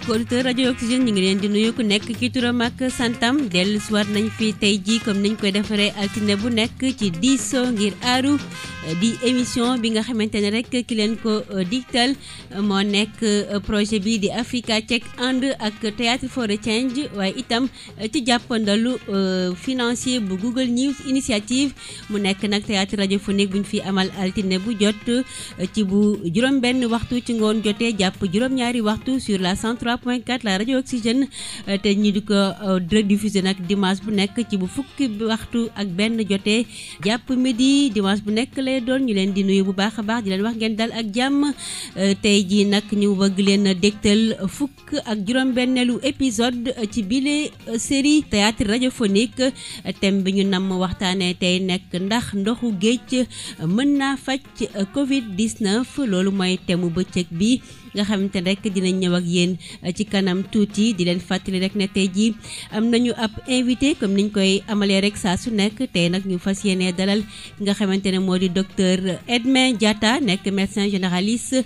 mbokk auditeur rajo Oxygène ñu ngi leen di nuyu ku nekk ci turam ak santam dellu si waat nañ fi tey jii comme niñ koy defaree altine bu nekk ci diisoo ngir aaru di émission bi nga xamante ne rek ki leen ko euh, digtal euh, moo nekk euh, projet bi di Africa Check ànd ak Théâtre for the Change waaye itam ci jàppandalu financier bu Google News Initiative mu nekk nag théâtre radiophonique bu ñu fi amal altine bu jot ci bu juróom benn waxtu ci ngoon jotee jàpp juróom-ñaari waxtu sur la 103.4 la rajo Oxygène te ñu di ko rediffuser nag dimanche bu nekk ci bu fukki waxtu ak benn jotee jàpp midi dimanche bu nekk lay lay doon ñu leen di nuyu bu baax a baax di leen wax ngeen dal ak jàmm euh, tey jii nag ñu bëgg leen dégtal fukk ak juróom-benneelu épisode ci bile euh, série théâtre radiophonique thème bi ñu namm waxtaanee tey nekk ndax ndoxu géej mën naa faj euh, Covid 19 loolu mooy thème mu bëccëg bi. nga xamante ne rek dinañ ñëw ak yéen eh, ci kanam tuuti di leen fàttali rek ne tey jii am na ñu ab invité comme ni niñ koy amalee rek saa su nekk tey nag ñu fas yéenee dalal ki nga xamante ne moo di docteur Edmin Diatta nekk médecin généraliste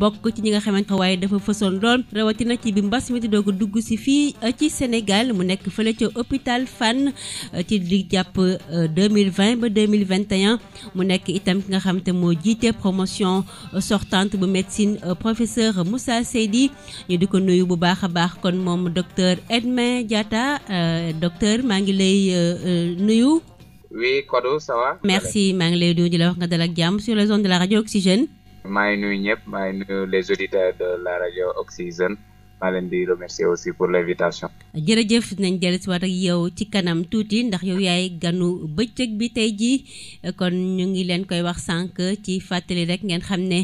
bokk ci ñi nga xamante waaye dafa fësoon lool rawatina ci bi mbas mi di doog a dugg si fii eh, ci Sénégal mu nekk fële ca hôpital Fann eh, ci di jàpp 2020 ba 2021 mu nekk itam ki nga xamante moo jiite promotion sortante bu médecine professeur docteur Moussa Seydi ñu di ko nuyu bu baax a baax kon moom docteur Edmin Diatta euh, docteur maa ngi lay euh, euh, nuyu. oui Kodou ça va. merci maa ngi lay nuyu di la wax nga dal ak jàmm sur les ondes de la radio Oxygène. maa ngi nuyu ñëpp maa nuyu les auditeurs de la radio Oxygène. maa leen di remercier aussi pour l'invitation. jërëjëf nañ dellusiwaat ak yow ci kanam tuuti ndax yow yaay ganu bëccëg bi tey jii kon ñu ngi leen koy wax sànq ci fàttali rek ngeen xam ne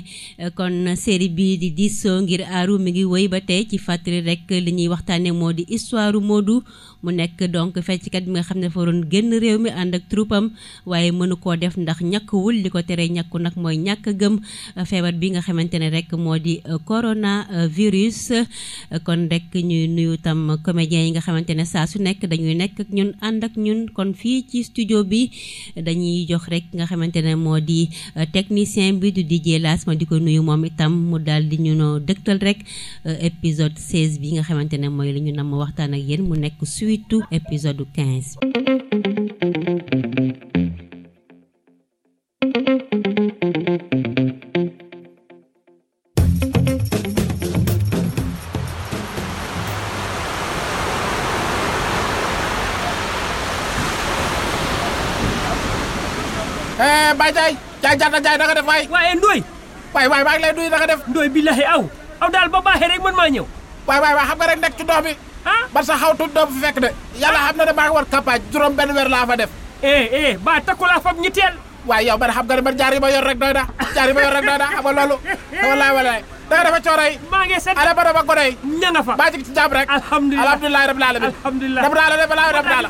kon série bi di diisoo ngir aaru mi ngi woy ba tey ci fàttali rek li ñuy waxtaanee moo di histoire Modou. mu nekk donc fecckat bi nga xam ne dafa waroon génn réew mi ànd ak troupam waaye mënu koo def ndax ñàkkuwul li ko teree ñàkku nag mooy ñàkk gëm euh, feebar bi nga xamante ne rek moo di euh, coronavirus. Euh, kon rek ñuy nuyu tam comédiens yi nga xamante ne saa su nekk dañuy nekk ak ñun ànd ak ñun kon fii ci studio bi dañuy jox rek nga xamante ne moo di technicien bi du DJ Las di ko nuyu moom itam mu daal di ñu noo dëgtal rek épisode 16 bi nga xamante ne mooy li ñu nam waxtaan ak yéen mu nekk 28, episódio 15. Baye Ndiaye Ndiaye Ndiaye Ndiaye naka def waay. waaye Ndoye. waay waay maa ngi lay nuyu naka def. Ndoye aw aw daal ba baaxee rek man maa ñëw. waay waay waay xam nga rek nekk man sax xaw tuut doom fi fekk de yàlla xam na ne maa ngi war juróom benn weer laa fa def eh eh ba takku laa fab ñitteel waaye yow man xam nga ne man jaar yi ma yor rek doy na jaar yi ma rek doy da nga defa coono yi maa ngi sant ala ba dama godoy ña nga fa rek alhamdulilah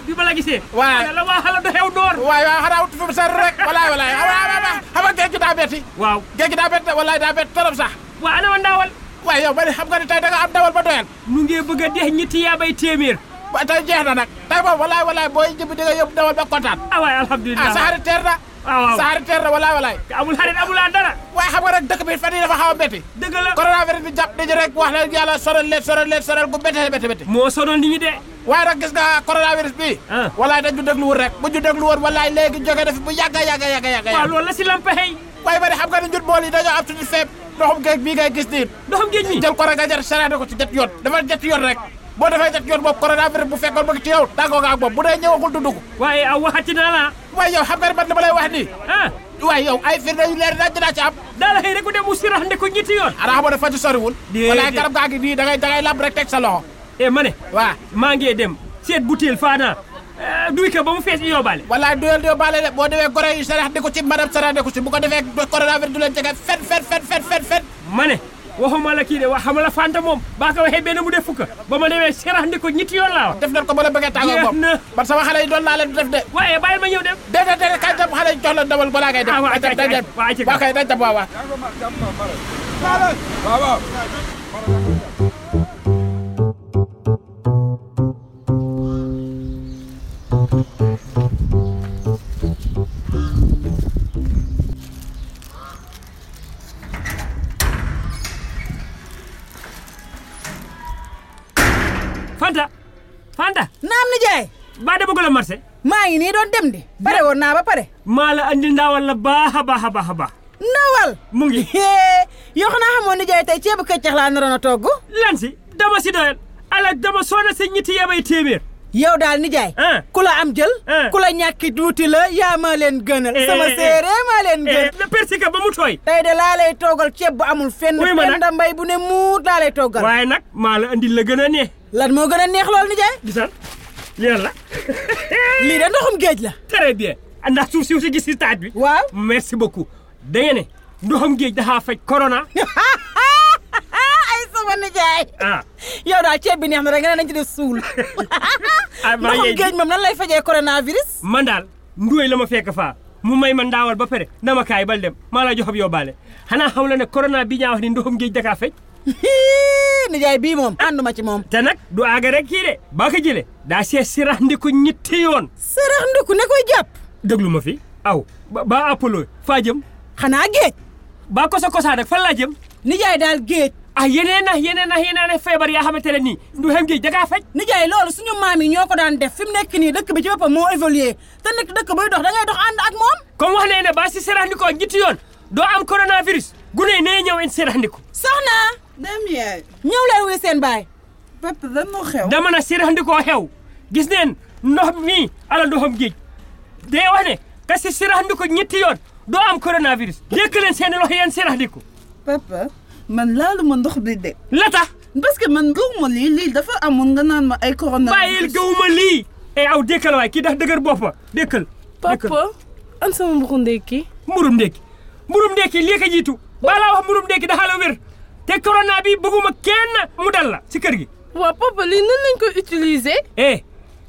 bi ma la gisee waaw waa xala do xew door waaw waaw xanaa wut fu mu sar rek walaay walaay xam nga géej gi waaw géej gi daa bett walaay waaye yow ba ne xam nga ne tey da nga am dawal ba doyal nu ngee bëgg a dex ñetti yaa bay téeméer ba tey jeex na nag tey moom walaay walaay booy jëbi di nga yóbbu dawal ba kontaan ah waay a sa xarit teer na ah, waaw saari teer amul xarit amul aan dara waaye xam nga rek dëkk bi fan yii dafa xaw a métti bi jàpp nañu rek wax leen yàlla sonal leen sonal gu métti métti métti moo sonal nit ñi de waaye nag gis nga a bi ah. walaay dañu déglu waaye ba de xam nga ne ñun bool yi dañoo am suñu feeb ndoxum géej bii ngay gis nii. ndoxum géej mi jël ko rek nga jar saraate ko ci jet yoon dafa jet yoon rek boo defee jet yoon boobu coronavirus bu fekkoon mu ngi ci bu dee ñëwagul dund ko. waaye aw waxati naa la. waaye yow xam nga ne man li ma wax nii. ah yow ay firnde yu leer daal dinaa ci am. daa la xëy mu sirax nde ko ñetti yoon. ana xam ne fa ci soriwul. déedéet walaay gaa ngi nii dangay dangay Eh, duy ko ba mu fees ñu yóbbaale walaay duyal yóbbaale de boo demee gore yu sarax di ko ci madame sarax di ko ci bu ko defee coronavirus du leen jege fen fen fen fen fen fen ma ne waxuma kii de wax xama la moom baa ko waxee benn mu def fukka ba ma demee sarax ndi ko ñetti yoon def nañ ko ba la bëggee tàggoo moom sama xale yi doon def de waaye bàyyil ma ñëw dem déedéet déedéet kañ dem xale yi jox la dabal balaa ngay dem ah, waaw kay dañ dem waaw Fanta Fanta. naam ni jaay. baa de bëgg la maa ngi nii doon dem de. pare woon naa ba pare. maa la andi ndawal la baax a baax a baax a baax. ndawal. mu ngi. yoo xam ne xamoon ni tey ceebu këccax laa naroon a togg. lan si dama si doyal ala dama soona si ñetti yabay téeméer. yow daal nijaay. Ah. ku la am jël. Ah. ku la ñàkki duuti la yaa eh, eh, eh, maa leen gënal. sama séeréer maa leen gën. na persika ba mu tooy. tey de laa lay toogal ceeb bu amul fen muy da mbay bu ne muut laa lay toogal. waaye nag maa la andil la gën a neex. lan moo gën a neex lool nijaay. gisal lii lan la. lii de ndoxum géej la. très bien ndax suuf si aussi gis si bi. waaw merci beaucoup da ngeen ne ndoxum géej dafa faj sama nijaay. ah yow daal ceeb bi neex na rek na ne nañ ci def suul. ah maa ngi géej moom nan lay fajee coronavirus. man daal nduwee la ma fekk faa mu may ma ndaawal ba pare na ma kaay bal dem maa la joxob yóbbaale xanaa xam la ne corona bi ñaa wax ni ndoxum géej dakaa fecc. nijaay bii moom ànduma ci moom. te nag du aaga rek kii de baa ko jëlee daa see sirax ndiku ñetti yoon. sirax ndiku ne koy jàpp. déglu ma fi aw ba ba apollo faa jëm. xanaa géej. baa koso kosaa nag fan laa jëm. nijaay ah yeneen ak yeneen ak yeneen ak feebar yaa xamante ne nii du xem gi da kaa faj nijaay loolu suñu maam yi ñoo ko daan def fi mu nekk nii dëkk bi ci boppam moo évolué te nekk dëkk buy dox da ngay dox ànd ak moom comme wax nañ ne ba si serandiko ñetti yoon doo am coronavirus gune yi nee ñëw en serandiko soxna dem yaay ñëw leen wuy seen baay papa dañoo xew dama na xew gis neen ndox mi ala ndoxam géej day wax ne ka si ko ñetti yoon doo am coronavirus dékk leen seen loxo man laaluma ndox bi de. la tax. parce que man gëwuma lii lii dafa amoon nga naan ma ay corona. bàyyil gëwuma lii. eh aw dékkal waay kii dax dëgër boppa dékkal. papa am sama mburu ndekki. mburum ndekki mburum ndekki lii ka jiitu. balaa wax mburum ndekki dafa la wér. te corona bi bëgguma kenn mu dal la si kër gi. waaw papa lii nan ko utiliser. eh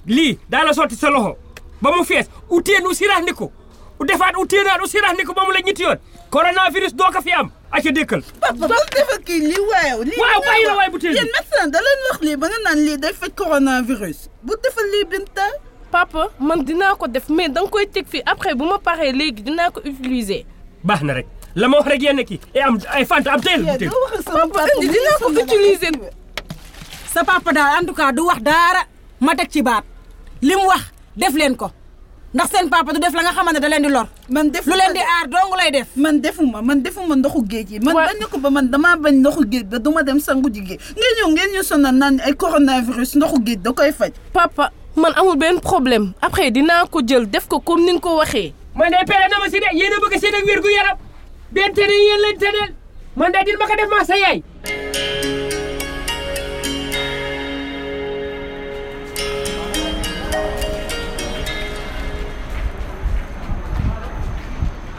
lii daa la sotti sa loxo ba mu fees uteen u sirax ni ko u defaat uteenaat u sirax ni ko ba mu la ñetti yoon. coronavirus doo ko fi am. acca dëkkal. papa bal dafa kii lii waaw. lii waaw bàyyi la waay bu tey na médecin da leen wax lii ba nga naan lii day faj bu defal lii Binta. papa man dinaa ko def mais danga koy teg fii après bu ma paree léegi dinaa ko utiliser. baax na rek la ma wax rek yéen ki kii eh, am ay fant am teel. bu tey papa dinaa ko utiliser. sa papa daal en tout cas du wax daara ma teg ci baat li mu wax def leen ko. ndax seen papa du def la nga xamante da leen di lor. man def lu leen di aar dong lay def. man defuma man defuma ndoxu géej yi. man bañ ko ba man damaa bañ ndoxu géej ba duma dem sangu ji géej ngeen ñëw ngeen ñu sonal naan ay coronavirus ndoxu géej da koy faj. papa man amul benn ab après dinaa ko jël def ko comme ni nga ko waxee. man de pere na ma si de yéen a bëgg seen ak wér gu yaram benn tene yéen lañ teneel man de dina ma ko def ma sa yaay.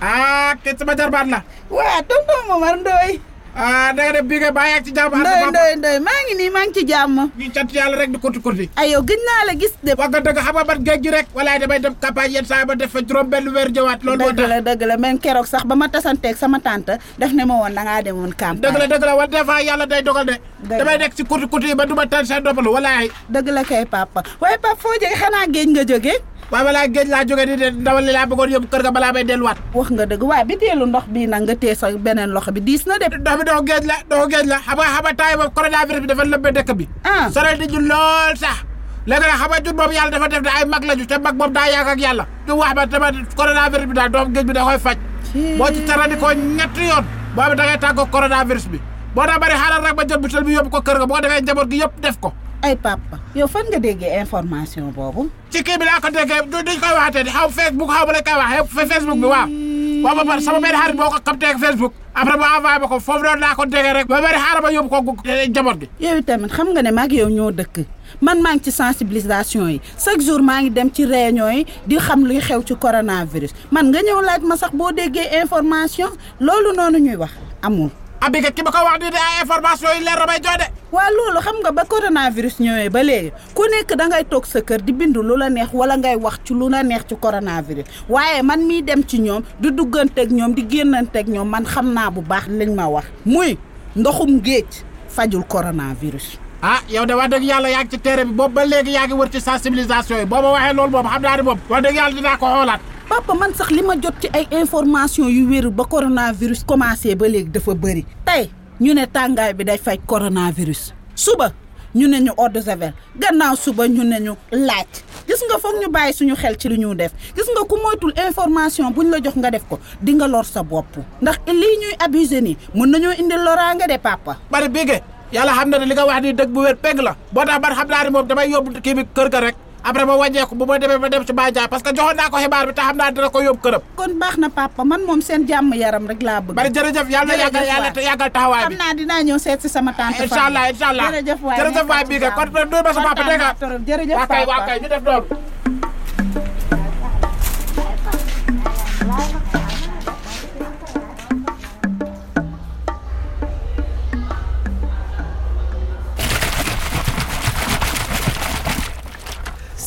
ah kii sama jarbaat la. waa tonton Momar Ndoye. ah da nga def bii nga bàyyi ak ci jàmm. Ndoye Ndoye Ndoye maa ngi nii maa ngi ci jàmm. ñu cant yàlla rek di kurti kurti. ay yow gëj naa la gis de. wax nga dëgg xam nga man géej gi rek. walaay damay dem campagne def fa juróom benn weer jëwaat. loolu moo tax dëgg la dëgg la man keroog sax ba ma tasanteeg sama tante daf ne ma woon da ngaa demoon campagne. dëgg la dëgg la wala des fois yàlla day dogal de. damay nekk ci kurti kurti yi ba du ma tànn seen noppalu dëgg la kay papa waaye papa foo jógee xanaa géej nga jógee waaye balaa géej laa jógee di de ndawal li laa bëggoon yóbbu kër ga balaa bay delluwaat wax nga dëgg waaye bi teelu ndox bii nag nga tee beneen loxo bi diis na de ndox bi dox géej la dox géej la xam nga xam nga taay boobu coronavirus bi dafa lëbbee dëkk bi ah. sore di ñun lool sax léegi nag xam nga ñun moom yàlla dafa def da ay mag lañu te mag moom daa yàgg ak yàlla ñu wax ba tamit coronavirus bi daal dox géej bi da faj boo ci tarani ko ñetti yoon boobu da ngay tàggoo coronavirus bi boo daa bari ba jël butel bi yóbbu ko kër ga boo defee njaboot gi yëpp def ko ay papa yow fan nga déggee information boobu. ci kii bi laa ko déggee duñ koy waxatee de xaw Facebook xaw ma la koy waxee Facebook bi waaw. waaw ba pare sama benn ma ko foofu noonu laa ko déggee rek. ba bari xaaral ma yóbbu ko eh, njaboot gi. yow tamit xam nga ne maag yow ñoo dëkk man maa ngi ci sensibilisation yi chaque jour maa ngi dem ci réunion yi di xam luy xew ci coronavirus man nga ñëw ma sax boo déggee information loolu noonu ñuy wax amul. abi ki ma ko wax nii waa loolu xam nga ba coronavirus ñëwee ba léegi ku nekk dangay toog sa kër di bind lu la neex wala ngay wax ci lu la neex ci coronavirus waaye man mii dem ci ñoom di dugganteeg ñoom di génnanteeg ñoom man xam naa bu baax liñ ma wax muy ndoxum géej fajul coronavirus. ah yow de wax dëgg yàlla yaa ngi ci terrain bi boobu ba léegi yaa ngi wër ci sensibilisation yi boo ma waxee lool moom xam naa ne moom wax dëgg yàlla dinaa ko xoolaat. papa man sax li ma jot ci ay information yu wéru ba coronavirus commencé ba léegi dafa bëri tey. ñu ne tàngaay bi day faj coronavirus suba ñu ne ñu eau de gannaaw suba ñu ne ñu laaj gis nga foog ñu bàyyi suñu xel ci li ñu def gis nga ku moytul information buñ la jox nga def ko di nga lor sa bopp ndax lii ñuy abusé nii mën nañoo indi loraange de papa. bari bige yàlla xam na ne li nga wax ni dëgg bu wér pegg la boo tax man xam naa ne moom damay yóbbu kii bi kër ga rek. après ma wàññeeku bu ma demee ma dem ci Baye Ndiaye parce que joxoon naa ko xibaar bi te xam naa dina ko yóbbu këram. kon baax na papa man moom seen jàmm yaram rek laa bëgg. bari jërëjëf yàlla yàggal yàggal taxawaay xam naa dinaa ñëw seet si sama tante. incha allah jërëjëf waay bii nga kon doy ma sa papa dégg nga. jërëjëf papa ñu def loolu.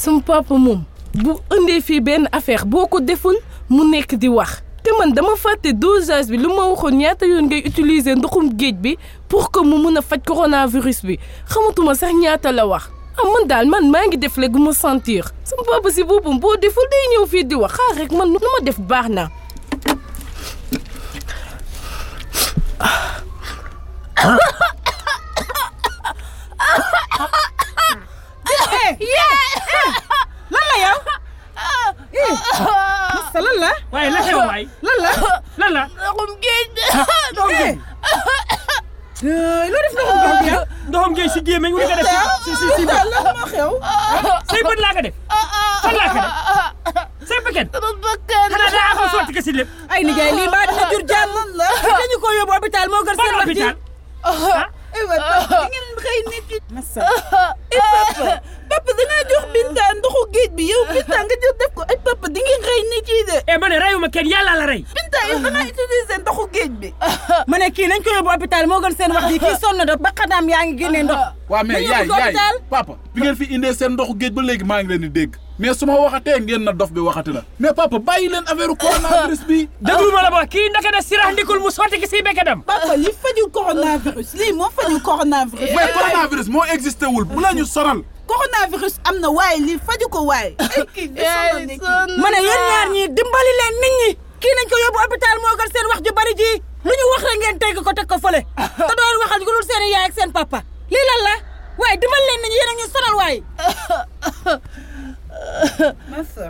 sama papa moom bu indee fii benn affaire boo ko deful mu nekk di wax te man dama fàtte dosage bi lu ma waxoon ñaata yoon ngay utiliser ndoxum géej bi pour ko mu mun a faj coronavirus bi xamatuma sax ñaata la wax ah man daal man maa ngi def léegi mu sentir sama papa si boppam boo deful day ñëw fii di wax xaar rek man nu ma def baax naa yaa ngi génnee ndox. Ah, ah. waaw mais yaay yaay papa bi ngeen fi indee seen ndoxu géej ba léegi maa ngi leen di dégg. mais su ma waxatee ngeen na dof bi waxati la. mais papa bàyyi leen affaire coronavirus bi. déglu ma la ba kii ndaka de sirax ndikul mu sotti ki si bekkedam. papa li faju coronavirus lii moo faju coronavirus. mais moo existé bu la ñu soral. coronavirus am na waaye lii faju ko waaye. ma ne yéen ñaar ñii dimbali leen nit ñi. kii ko yóbbu hôpital moo gën seen wax ju bari papa lii lan la waaye dimbal leen nañu yéen a ñu sonal waaye. massa.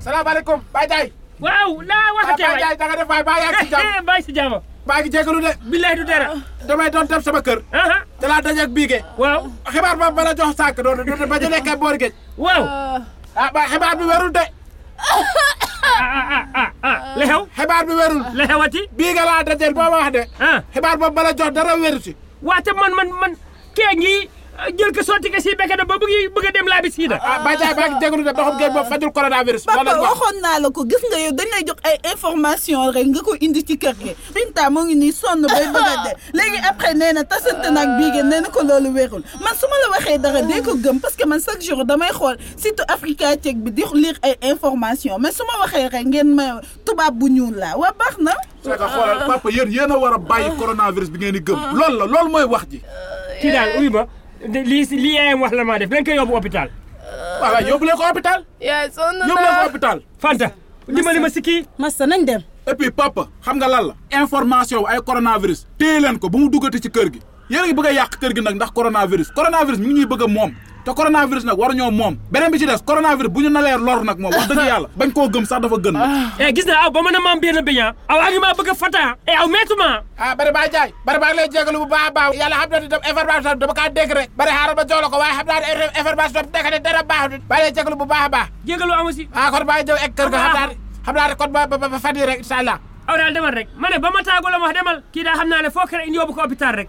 salaamaaleykum Baye Ndiaye. waaw naa waxatee waay Baye si jàmm eh, eh, maa ngi jégalu de. billaay du dara. damay doon dem sama kër. da laa daje ak waaw xibaar ba ma la jox sànq doon doon ba ñu nekkee boor géej. waaw. ah bi werul de. ah ah, ah, ah. bi werul. li xewati. biige laa dajeel boo wax de. Ah. xibaar boobu ma jox dara weru si. waaw te man man man jël ko sotti ko si bekk a dem laabi sii ah, da gi. Binta moo ngi nii sonn bay bëgg a dee léegi après na tasante naag bii ngeen nee na ko man su ma la waxee dara dee que man chaque jour damay xool surtout bi di lire ay information mais su ma waxee rek ngeen ma tubaab bu ñuul laa waa baax na. c'est que xoolal papa yéen yéen a war a bàyyi coronavirus bi ngeen di gëm. Ah. loolu la loolu mooy wax ji. kii daal uy lii si lii yaayam wax la maa def dañ euh, leen ko hôpital. yaay sonn naa yóbbu leen ko hôpital. Fanta ma si kii. Massa nañ dem. et puis papa xam nga lan la. information ay coronavirus. téye leen ko bu mu duggati ci kër gi. yéen a ngi bëgg a yàq kër gi nag ndax coronavirus coronavirus mi ngi ñuy bëgg moom. te coronavirus nag waruñoo moom beneen bi ci des coronavirus bu ñu nag moom wax dëgg bañ koo gëm sax dafa gën ah. eh, gis na aw ba mën maam biir a aw ak maa bëgg a fata eh, aw meetuma ah bari baa baa lay jégalu bu baax baax yàlla xam naa ne tam ba bu baax baax jégalu amu si ah kon baa ñëw ek kër ga xam naa ne xam naa ne kon ba ba aw daal demal rek ma ne ba ma xam naa ne foo kere in yóbbu ko hôpital rek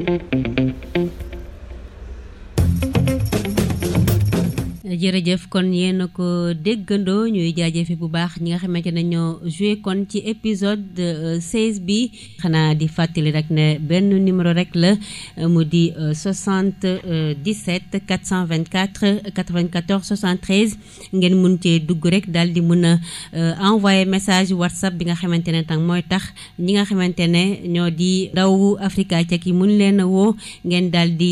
jërëjëf kon yéen ko déggandoo ñuy jaajëfe bu baax ñi nga xamante ne ñoo joué kon ci épisode 16 euh, bi xanaa di fàttali rek ne benn numéro rek la euh, mu di 77 424 94 73 ngeen mun cee dugg rek daal di mun a euh, envoyé message whatsapp bi nga xamante ne tam mooy tax ñi nga xamante ne ñoo di ndaw Africa ki yi mun leen woo ngeen daal di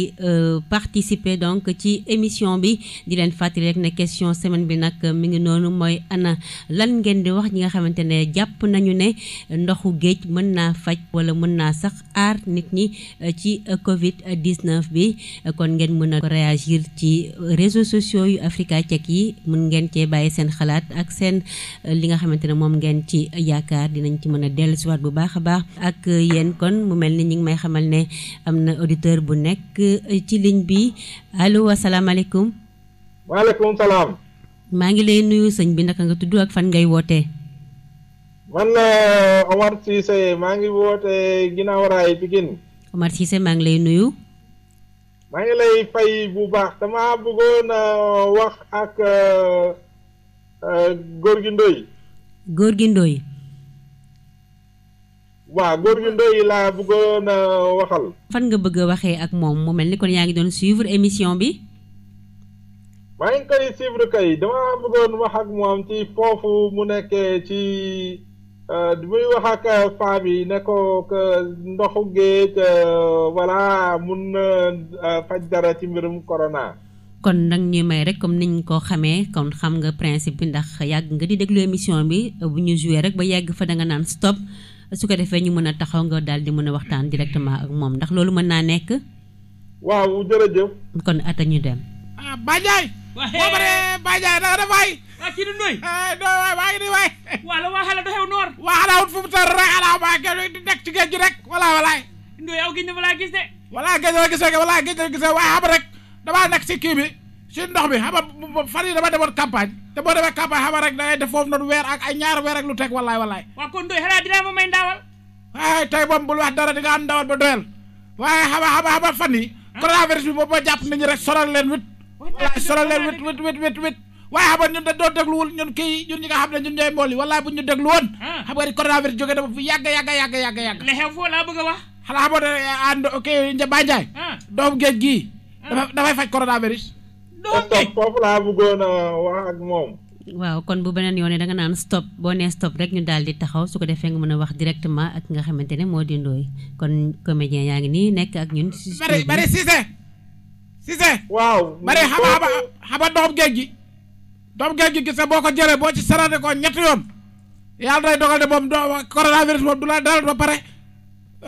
participer donc ci émission bi di leen fàttali rek ne question semaine bi nag mi ngi noonu mooy ana lan ngeen di wax ñi nga xamante ne jàpp nañu ne ndoxu géej mën naa faj wala mën naa sax aar nit ñi euh, ci euh, Covid 19 bi kon ngeen mën a réagir ci réseaux sociaux yu Africa Check yi mun ngeen cee bàyyi seen xalaat ak seen euh, li nga xamante ne moom ngeen ci yaakaar dinañ ci mën a dellusiwaat bu baax a baax ak yéen kon mu mel ni ñi ngi may xamal ne am na auditeur bu nekk ci ligne bi allo asalaamaaleykum waaleykum salaam. maa ngi lay nuyu sëñ bi naka nga tudd ak fan ngay woote man la eh, Omar Cissé maa ngi woote ginnaaw raay Pikine. Omar Cissé maa ngi lay nuyu. maa ngi lay fay bu baax dama bëggoon a eh, wax ak eh, góor gi Ndoy. góor gi Ndoy. waaw góor gi Ndoy laa bëggoon waxal. fan nga bëgga a waxee ak moom mu mel ni kon yaa ngi doon suivre émission bi. maa ngi koy suivre kay dama bëggoon wax ak moom ci foofu mu nekkee ci euh, muy wax ak euh, femme yi ne ko ndoxu géej euh, voilà mun na faj dara ci mbirum corona. kon nag ñuy may rek comme ni niñ ko xamee kon xam nga principe bi ndax yàgg nga di déglu émission bi bu ñu joué rek ba yàgg fa da nga naan stop su ko defee ñu mën a taxaw nga daal di mën a waxtaan directement ak moom ndax loolu mën naa nekk. waaw jërëjëf. kon ata ñu dem. ah Badiaye. boo paree Baye Ndiaye danga def waay. waa kii du Ndoye. Ndoye waay maa ngi nii waay. waaw la waa xale du xew noor. waa xanaa wut fu mu tër rek xanaa maa ngi di nekk ci géej gi rek wala walaay. Ndoye aw géej na fa laa gis de. wala géej la si kii bi si mi xam nga fan yii dama demoon campagne te boo demee campagne xam rek da ngay def weer ak ay ñaar weer lu teg walaay walaay. waa kon Ndoye xanaa dinaa ma may ndawal. waaye tey moom bul wax dara di nga am ndawal ba doyal waaye solo leen wit wit wit wit wit waaye xam nga ñun da doo dégluwul ñun kii ñun ñi nga xam ne ñun ñooy mbool yi wala bu ñu déglu ah. xam nga ni coronavirus jóge yàgg yàgg yàgg yàgg yàgg li xew foofu laa a wax xanaa xamoon ne eh, ànd kii Ndiaye Ndiaye ah. doom ah. dafay faj coronavirus doom géej foofu laa bëggoon a wax ak moom waaw kon bu beneen yoon ne da nga naan stop boo nee stop rek ñu daal di taxaw su ko defee nga mën a wax directement ak nga xamante ne moo di kon comédien yaa ngi nii nekk ak ñun. bari bari Cissé. Cissé. waaw ma ne xam nga xam nga géej gi. doom géej gi gis boo ko jëlee boo ci sarate ko ñetti yoon yàlla day dogal ne moom doo coronavirus moom du la dal ba pare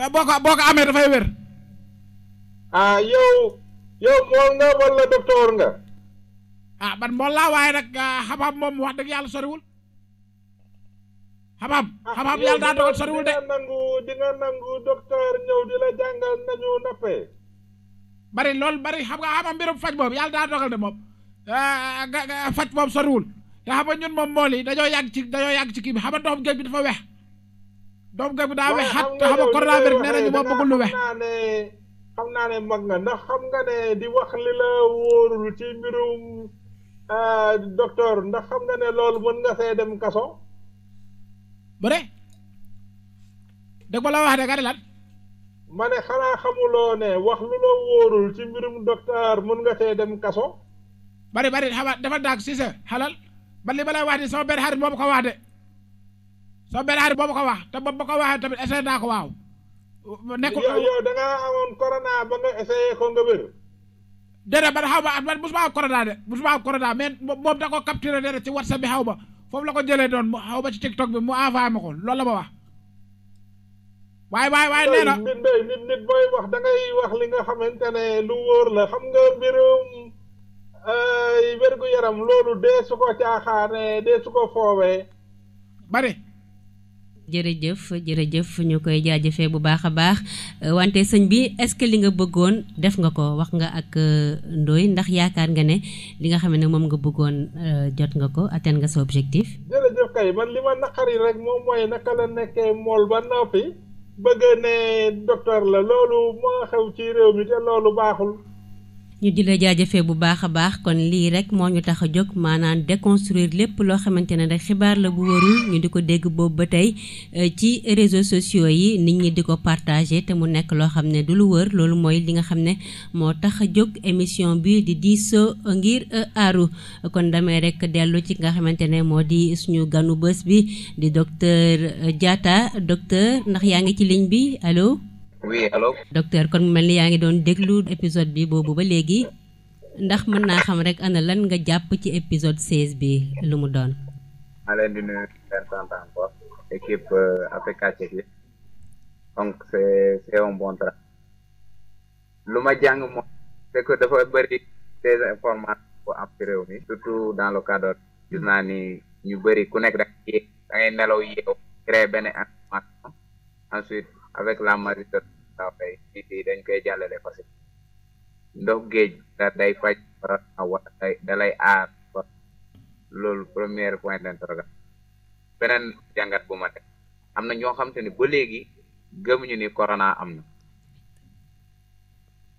eh, boo amee dafay wér. ah yow. yow moom nga walla docteur nga. ah man moom laa waaye nag ah, xabaab moom wax dëgg yàlla soriwul. xabaab ah, xabaab yàlla daa dogal soriwul de. bari loolu bari xam nga ama mbirum faj moom yàlla daa dogal ne moom ah, faj moom soriwul te xam nga ñun moom mool yi dañoo yàgg ci dañoo yàgg ci kii bi xam nga doom géej bi dafa wex doom géej bi daa wex xat te xam nga coronavirus nee lu wex xam naa ne mag nga ndax xam nga ne di wax li la ci mbirum ah, docteur ndax xam nga ne loolu mën nga see dem kaso. bu dee dëgg wax de nga lan. ma ne xanaa xamuloo ne wax lu la wóorul ci mbirum docteur mun nga tee dem kaso. bari bari xawa dafa daag si sa xalal ba li ma lay wax ni sama benn xarit boobu ko wax de sama benn xarit boobu ko wax te boobu ko waxee tamit essayé naa ko waaw. nekkul yow yow da amoon corona ba nga essayé ko nga wér. déedéet man xaw ma man mosuma am corona de mosuma am corona mais moom da ko capturé déedéet ci whatsapp bi xaw ma foofu la ko jëlee doon mu xaw ma ci tiktok bi mu envoyé ma la ma waay waay waay nee na nit booy wax da wax li nga xamante ne lu wóor la xam nga mbirum wérgu yaram loolu dee su ko caaxaane dee su ko foowee bari jërëjëf jërëjëf ñu koy jaajëfee bu baax a baax wante sëñ bi est-ce que li nga bëggoon def nga ko wax nga ak euh, Ndoye ndax yaakaar nga ne li nga xam ne moom nga bëggoon euh, jot nga ko atteindre nga sa objectif jërëjëf kay man li ma naqari rek moom mooy naka la nekkee mool ba noppi bëgg ne docteur la loolu moo xew ci réew mi te loolu baaxul ñu di la jaajëfee bu baax a baax kon lii rek moo ñu tax a jóg maanaam déconstruire lépp loo xamante ne rek xibaar la bu wërul ñu di ko dégg boobu ba tey euh, ci réseau sociaux yi nit ñi di ko partagé te mu nekk loo xam ne du lu wër loolu mooy li nga xam ne moo tax a jóg émission bi di diisoo ngir aaru kon damay rek dellu ci nga xamante ne moo di suñu ganu bés bi di docteur Diatta docteur ndax yaa ngi ci ligne bi allo. oui allo. docteur kon mel ni yaa ngi doon déglu épisode bi boobu ba léegi ndax mën naa xam rek ana lan nga jàpp ci épisode 16 bi lu mu doon. maa leen di nuyu euh, lu ma jàng moom c'est que dafa bëri ces informations bu am ci mi surtout dans le cadre gis naa ni ñu bëri ku nekk da nelaw yeew créer benn information ensuite avec la marine de Tampay dañ koy jàllale parce que ndox géej da day faj wala da lay aar loolu premier point d'interrogation beneen jàngat bu ma am na ñoo xam ni ba léegi gëmuñu ni corona am na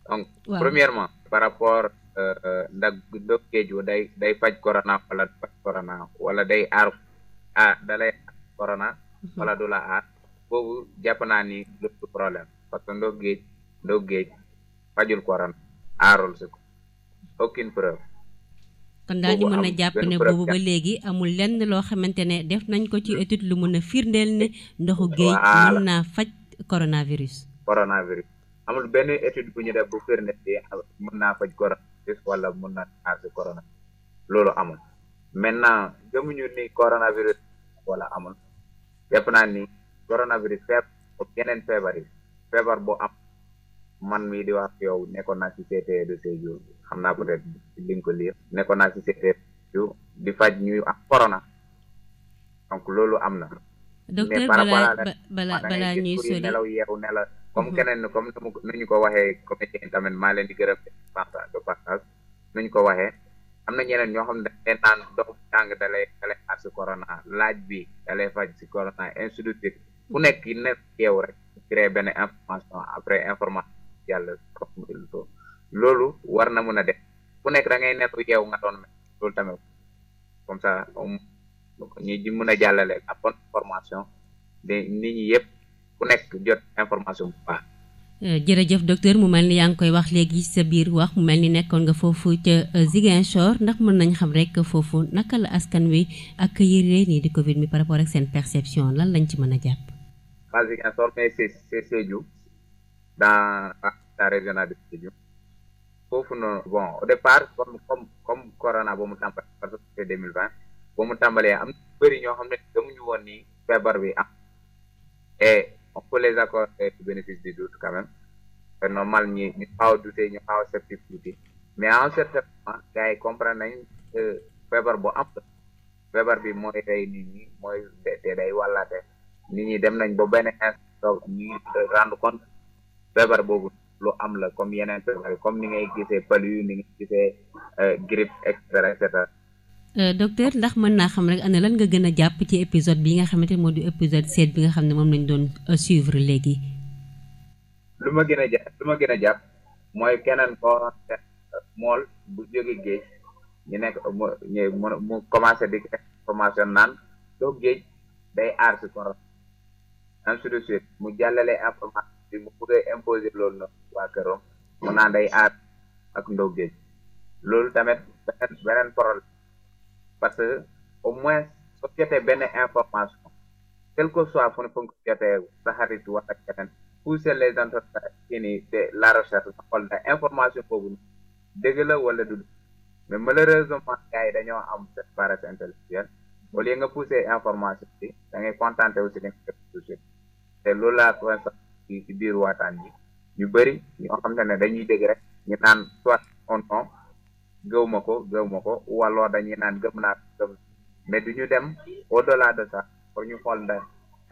donc premièrement par rapport euh, euh, ndax ndox géej wu day day faj corona wala day aar ah corona mhm. wala du la aar boobu jàpp naa ni lépp problème parce que ndox géej ndox géej fajul korona aarul si ko aucune preuve kon daal ñu mën a jàpp ne boobu ba léegi amul lenn loo xamante ne def nañ ko ci étude lu mën a firndeel ne ndoxu géej mën naa faj coronavirus coronavirus amul benn étude bu ñu def bu firndeel bi mën naa faj coronavirus wala mën naa aar si corona loolu amul maintenant gëmuñu ni coronavirus wala amul jàpp naa ni coronavirus feebar o yeneen feebar yi feebar boo am man mii di wax yow nekkoon naa ci CTE de Sédhiou xam naa peut être li nga ko liir nekkoon naa ci CTE di faj ñuy am corona donc loolu am na. docteur balaa balaa balaa ñuy sori nelaw yeexu ne la comme mhm. keneen comme nu ñu ko waxee comédien tamit maa leen di gërëm de passage nu ñu ko waxee am na ñeneen ñoo xam ne dañ naan dox jàng da lay da lay si corona laaj bi da lay faj si corona institut bu nekk yi nekk yow rek créer benn information après information yàlla communiqué loolu war na mën a def bu nekk da ngay nekk yow nga doon loolu tamit comme ça ñu di mën a jàllale la yëpp ku nekk jot information bu baax. Euh, jërëjëf docteur mu mel ni yaa ngi koy wax léegi sa biir wax mel ni nekkoon nga foofu ca euh, Ziguinchor ndax mën nañ xam rek foofu naka la askan wi accueillir nii di Covid mi par rapport ak seen perception lan lañ ci mën a jàpp. pas Ziguinchor mais c'est c'est Sédhiou dans la régionale de Sédhiou foofu noonu bon au départ comme comme corona ba mu tàmbalee parce que c'est 2020 ba mu tàmbalee am na bëri ñoo xam ne gëmuñu woon ni feebar bi am et on les accorder le bénéfice du doute quand normal ñi ñu xaw a douter ñu xaw a mais en certain moment gars nañ feebar bu am feebar bi mooy rey nit ñi mooy te day wàll nit ñi dem nañ boo benn instant ñu rendre compte feebar boobu lu am la comme yeneen feebar comme ni ngay gisee palu ni ngay gisee euh, grippe et cetera et euh, ndax mën naa xam rek ana lañ nga gën a jàpp ci épisode bi nga xamante moo di épisode seet bi nga xam ne moom lañ doon euh, suivre léegi. lu ma gën a jàpp ma gën a jàpp mooy keneen mool bu jóge géej ñu nekk mu mu commencé di information naan soo géej day aar si korom ainsi de mu jàllale information bi mu bëggee imposé loolu noonu waa këram mu naan day aar ak ndaw géej loolu tamit beneen problème parce que au moins soo jotee benn information quel que soit fu ne fu nga ko jotee sa xarit wala keneen pousser les entreprises kii nii de la recherche sa xool da information boobu dëgg la wala du mais malheureusement gars yi dañoo am cette paresse intellectuelle au lieu nga pousser information bi da ngay contenté aussi li nga te loolu laa ko sax ci ci biir waataan bi ñu bëri ñoo xam ne dañuy dégg rek ñu naan soit on on gëw ma ko gëw ma ko wala dañuy naan gëm naa mais du ñu dem au delà de ça pour ñu xool ndax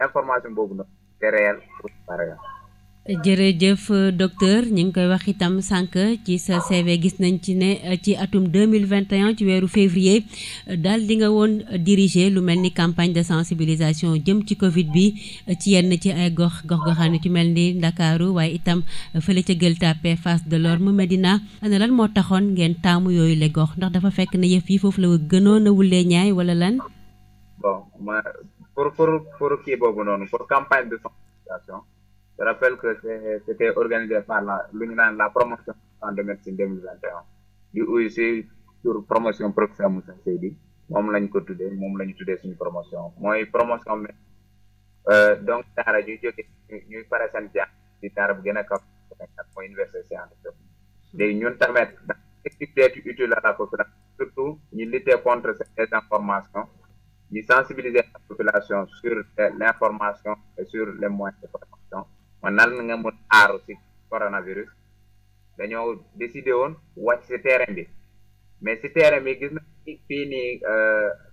information boobu nag c'est réel ou jëf docteur ñu ngi koy wax itam sànq ci sa CV gis nañ ci ne ci atum 2021 ci weeru février dal di nga woon diriger lu mel ni campagne de sensibilisation jëm ci Covid bi ci yenn ci ay gox gox goxaan ci mel ni Ndakaaru waaye itam fële ca Gueule de Fass Delorme Médina ana lan moo taxoon ngeen taamu yooyu la gox ndax dafa fekk ne yëf yi foofu la gënoon a wulee ñaay wala lan. pour pour kii boobu noonu pour campagne de sensibilisation. Je rappelle que c'était organisé par la, naan la promotion de médecine 2021. Du OIC sur promotion professeur Moussa Seydi. moom lañ ko tuddee moom lañu tuddee suñu promotion mooy promotion bi euh, donc daara ñuy jóge ñu pare seen jàng di daara bu gën a kaw mooy université Cheikh Anta Diop léegi ñun tamit dafa utile à la population surtout ñu lutter contre ces désinformations ñu sensibiliser la population sur l'information et sur les moyens man nan nga mën aaru si coronavirus dañoo décidé woon wàcc si terrain bi mais si terrain bi gis na fii nii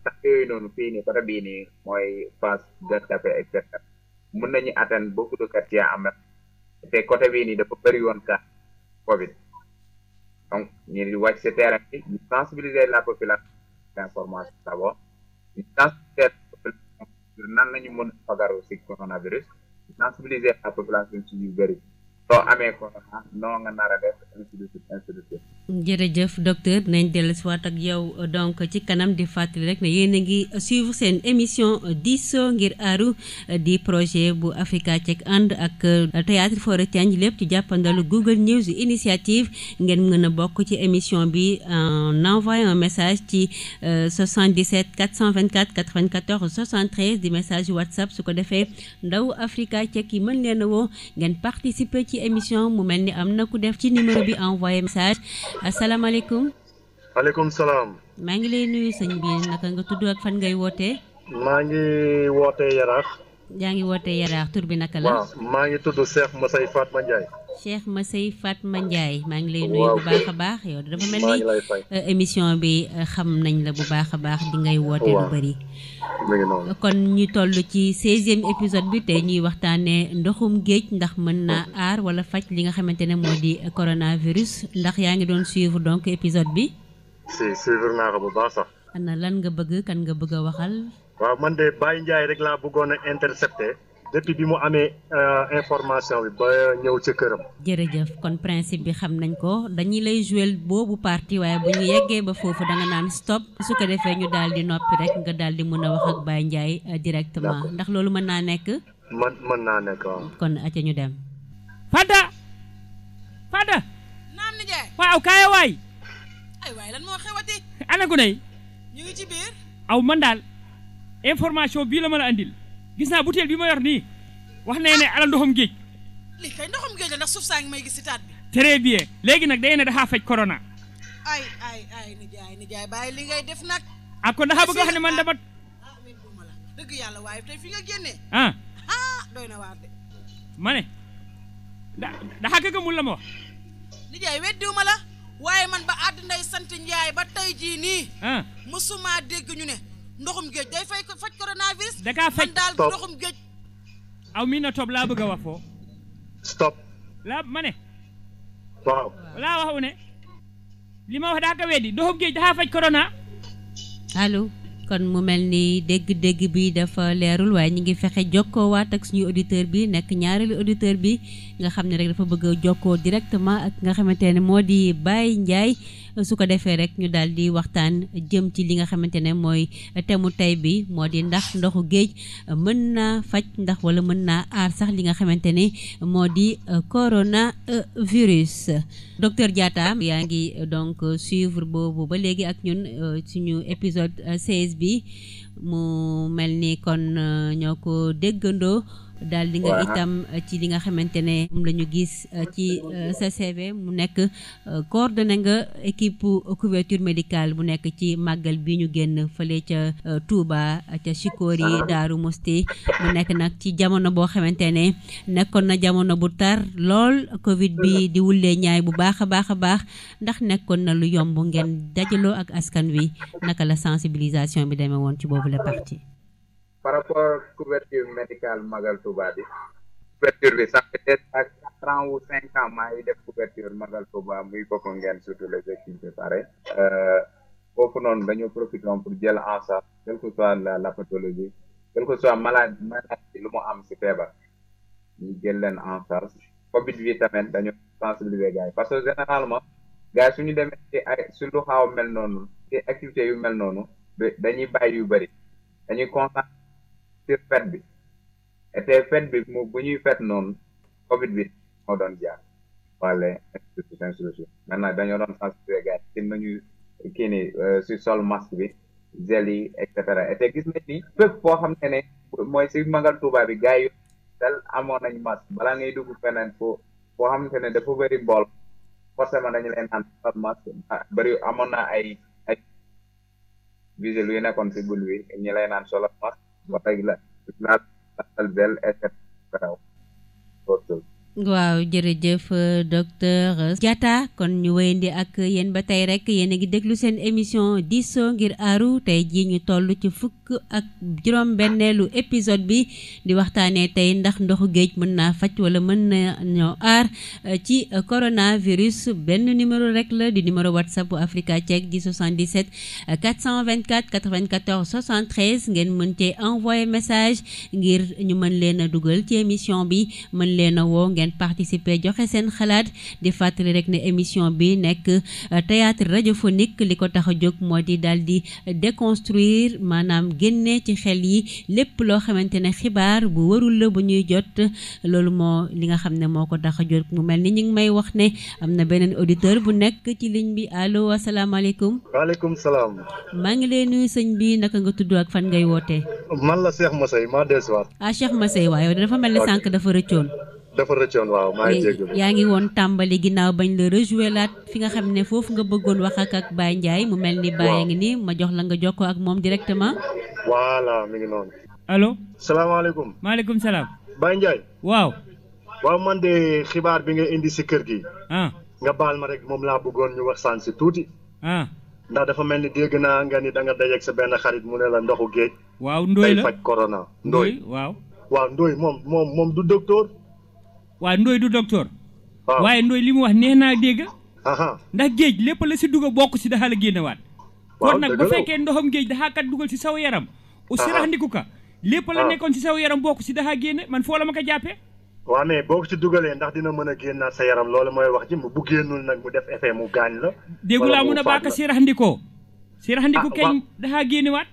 tax euh, yooyu noonu fii nii côté bii nii mooy Fass Gueule Tapée et cetera mun nañu atteindre beaucoup de quartiers en même te côté bii nii dafa bëri woon cas Covid donc ñu di wàcc si terrain bi ñu sensibiliser la population d'information d'abord ñu sensibiliser la population nan la ñu mën a si coronavirus sensibiliser la population ci yu bëri soo amee jërëjëf docteur nañ dellusiwaat ak yow donc ci kanam di fàttali rek ne yéen a ngi suivre seen émission diisoo ngir aaru di projet bu Africa Check and ak euh, Théâtre for Change lépp ci jàppandalu Google News initiative ngeen mën a bokk ci émission bi en envoyant un message ci 77 424 94 73 di message WhatsApp su ko defee ndaw Africa Check yi mën leen woo ngeen participer ci ci émission mu mel ni am na ku def ci numéro bi envoyé message asalaamaaleykum. maaleykum salaam. maa ngi lay nuyu sañ bi naka nga tudd ak fan ngay wootee. maa ngi woote Yaraax. yaa ngi woote Yaraax tur bi naka la. waaw maa ngi tudd Cheikh Massey Fatma Ndiaye. Cheikh Massey maa ngi lay nuyu bu baax a baax. yow dafa mel ni euh, émission bi euh, xam nañ la bu baax a baax di ngay woote lu bëri. kon ñu toll ci seizième épisode bi tey ñuy waxtaanee ndoxum géej ndax mën naa aar wala faj li nga xamante ne moo di coronavirus ndax yaa ngi doon suivre donc épisode bi. si lan nga bëgg kan nga bëgg a waxal. waaw man de Baye Ndiaye rek laa bëggoon a intercepté bi mu amee euh, information bi ba ñëw ci këram. jërëjëf kon principe bi xam nañ ko dañuy lay jouer boobu parti waaye bu ñu yeggee ba foofu da nga naan stop su ko defee ñu dal di noppi rek nga dal di mën a wax ak Baye Ndiaye euh, directement ndax loolu mën naa nekk. mën mën naa nekk waaw. kon ñu dem. Fada. Fada. naam nijaay. waaw kaaya waay. ay waay lan moo xewati. ana gu nay. ñu ngi ci biir. aw man daal. information bii la ma a andil gis naa butéel bi ma yor nii wax nañu ne ala ndoxam géej. li kay ndoxam géej la ndax suuf saa may gis si taat bi. très bien léegi nag day ne daxaa faj corona. ay ay ay nijaay nijaay bàyyi li ngay def nag. ah kon daxaa bëgg wax ne man dama. ah oui ah, buuma la dëgg yàlla waaye tey fi nga génnee. ah ah doy na ma la waaye man ba àddina sant njaay ba tay jii nii. ah mësuma dégg ñu ne. ndoxum géej day fay faj coronavirus. da kaa faj daal ndoxum géej. aw mi na toog laa bëgg wax foo. stop. laa ma ne. laa waxu ne. li ma wax daa ko weddi ndoxum géej dafa faj korona allo. kon mu mel ni dégg-dégg bi dafa leerul waaye ñu ngi fexe jokkoowaat ak suñu auditeur bi nekk ñaareelu auditeur bi nga xam ne rek dafa bëgg jokkoo directement ak nga xamante ne moo di bàyyi Ndiaye. su ko defee rek ñu daal di waxtaan jëm ci li nga xamante ne mooy temu tey bi moo di ndax ndoxu géej mën naa faj ndax wala mën naa aar sax li nga xamante ne moo di euh, corona virus docteur yaa ngi euh, donc suivre boobu ba léegi ak ñun euh, suñu épisode 16 bi mu mel ni kon ñoo ko déggandoo daal di nga itam euh, ci li nga xamante ne moom gis euh, ci euh, sa CV mu nekk coordonné nga équipe couverture médicale bu nekk ci màggal bi ñu génn fële ca Touba ca Chikori Daaru mosti mu nekk nag ci jamono boo xamante ne nekkoon na jamono bu tar lool Covid bi di wullee ñaay bu baax a baax a baax ndax nekkoon na lu yomb ngeen dajaloo ak askan wi naka la sensibilisation bi demee woon ci boobu la parti par rapport couverture médicale magal Touba bi couverture bi ça peut être ak quatre ans ou cinq ans maa ngi def couverture magal Touba muy bokk ngeen surtout les équipes bi pare euh, foofu noonu dañoo profitoon pour jël en charge quelle que soit la la pathologie quelle que soit malade maladie lu mu am si feebar ñu jël leen en charge covid bi tamit dañoo sensibiliser gars parce que généralement gars suñu demee ci ay si lu xaaw mel noonu ci activités yu mel noonu dañuy bàyyi yu bëri dañuy con ci fet bi te fet bi mu bu ñuy fet noonu covid bi moo doon jaar wala institution solution dañoo doon sensibiliser gars yi nañu kii ni euh, si sol masque bi gel yi et cetera et gis nañ ni fépp foo xam ne ne mooy si magal Tuuba bi gars yi dal amoon nañ masque balaa ngay dugg feneen foo foo xam ne dafa bëri bool forcément dañu leen naan sol masque ah, bëri amoon na ay ay vigile yu nekkoon si gul wi ñu lay naan sol masque but I, it's not as well as a, waaw jëf euh, docteur Diatta kon ñu wéyandi ak yéen ba tey rek yéen a ngi déglu seen émission diisoo ngir aaru tey jii ñu toll ci fukk ak juróom benneelu épisode bi di waxtaanee tey ndax ndoxu géej mën naa faj wala mën na ñoo aar euh, ci coronavirus benn numéro rek la di numéro whatsapp bu Africa Check di 77 424 94 73 ngeen mën cee envoyé message ngir ñu mën leen a dugal ci émission bi mën leen a ngeen ngeen participer joxe seen xalaat di fàttali rek ne émission bi nekk euh, théâtre radiophonique li ko tax a jóg moo di daal di déconstruire maanaam génne ci xel yi lépp loo xamante ne xibaar bu warul la bu ñuy jot loolu moo li nga xam ne moo ko tax a jot mu mel ni ñu ngi may wax ne am na beneen auditeur bu nekk ci ligne bi allo asalaamaaleykum. waaleykum salaam. maa ngi lay nuyu sëñ bi naka nga tudd ak fan ngay wootee. man la Cheikh Massey maa dellusiwaat. ah Cheikh Massey waaye dafa mel ni sànq dafa rëccoon. dafa rëccoon waaw maa ngi jégalu yaa ngi woon tàmbali ginnaaw bañ la rejoué laat fi nga xam ne foofu nga bëggoon wax ak ak Baye Ndiaye mu mel ni Baye ngi nii ma jox la nga jokkoo ak moom directement voilà mi ngi noonu salaamaaleykum maaleykum salaam Baye waaw waaw man de xibaar bi nga indi si kër gi ah nga baal ma rek moom laa bëggoon ñu wax saan si tuuti ah ndax dafa mel ni dégg naa nga ni da nga sa benn xarit mu ne la ndoxu géej waaw ndooy la day waaw waaw moom moom du docteur waaye ndooy du doktoor waaye ndooy li mu wax neex naa dégg. ndax géej lépp la si dugg bokk si dafa la génnewaat. kon nag bu fekkee ndoxam géej dafa kat dugal ci saw yaram. u sirax ndiku ka lépp la nekkoon ci saw yaram bokk si dafa génne man foo la ma ko jàppee. waaw mais boo ko ci dugalee ndax dina mën a génnaat sa yaram loolu mooy wax ji bu génnul nag mu def effet mu gaañ la. déggu laa mun a baaka sirax ndikoo. sirax ndiku ah, keñ dafa génnewaat.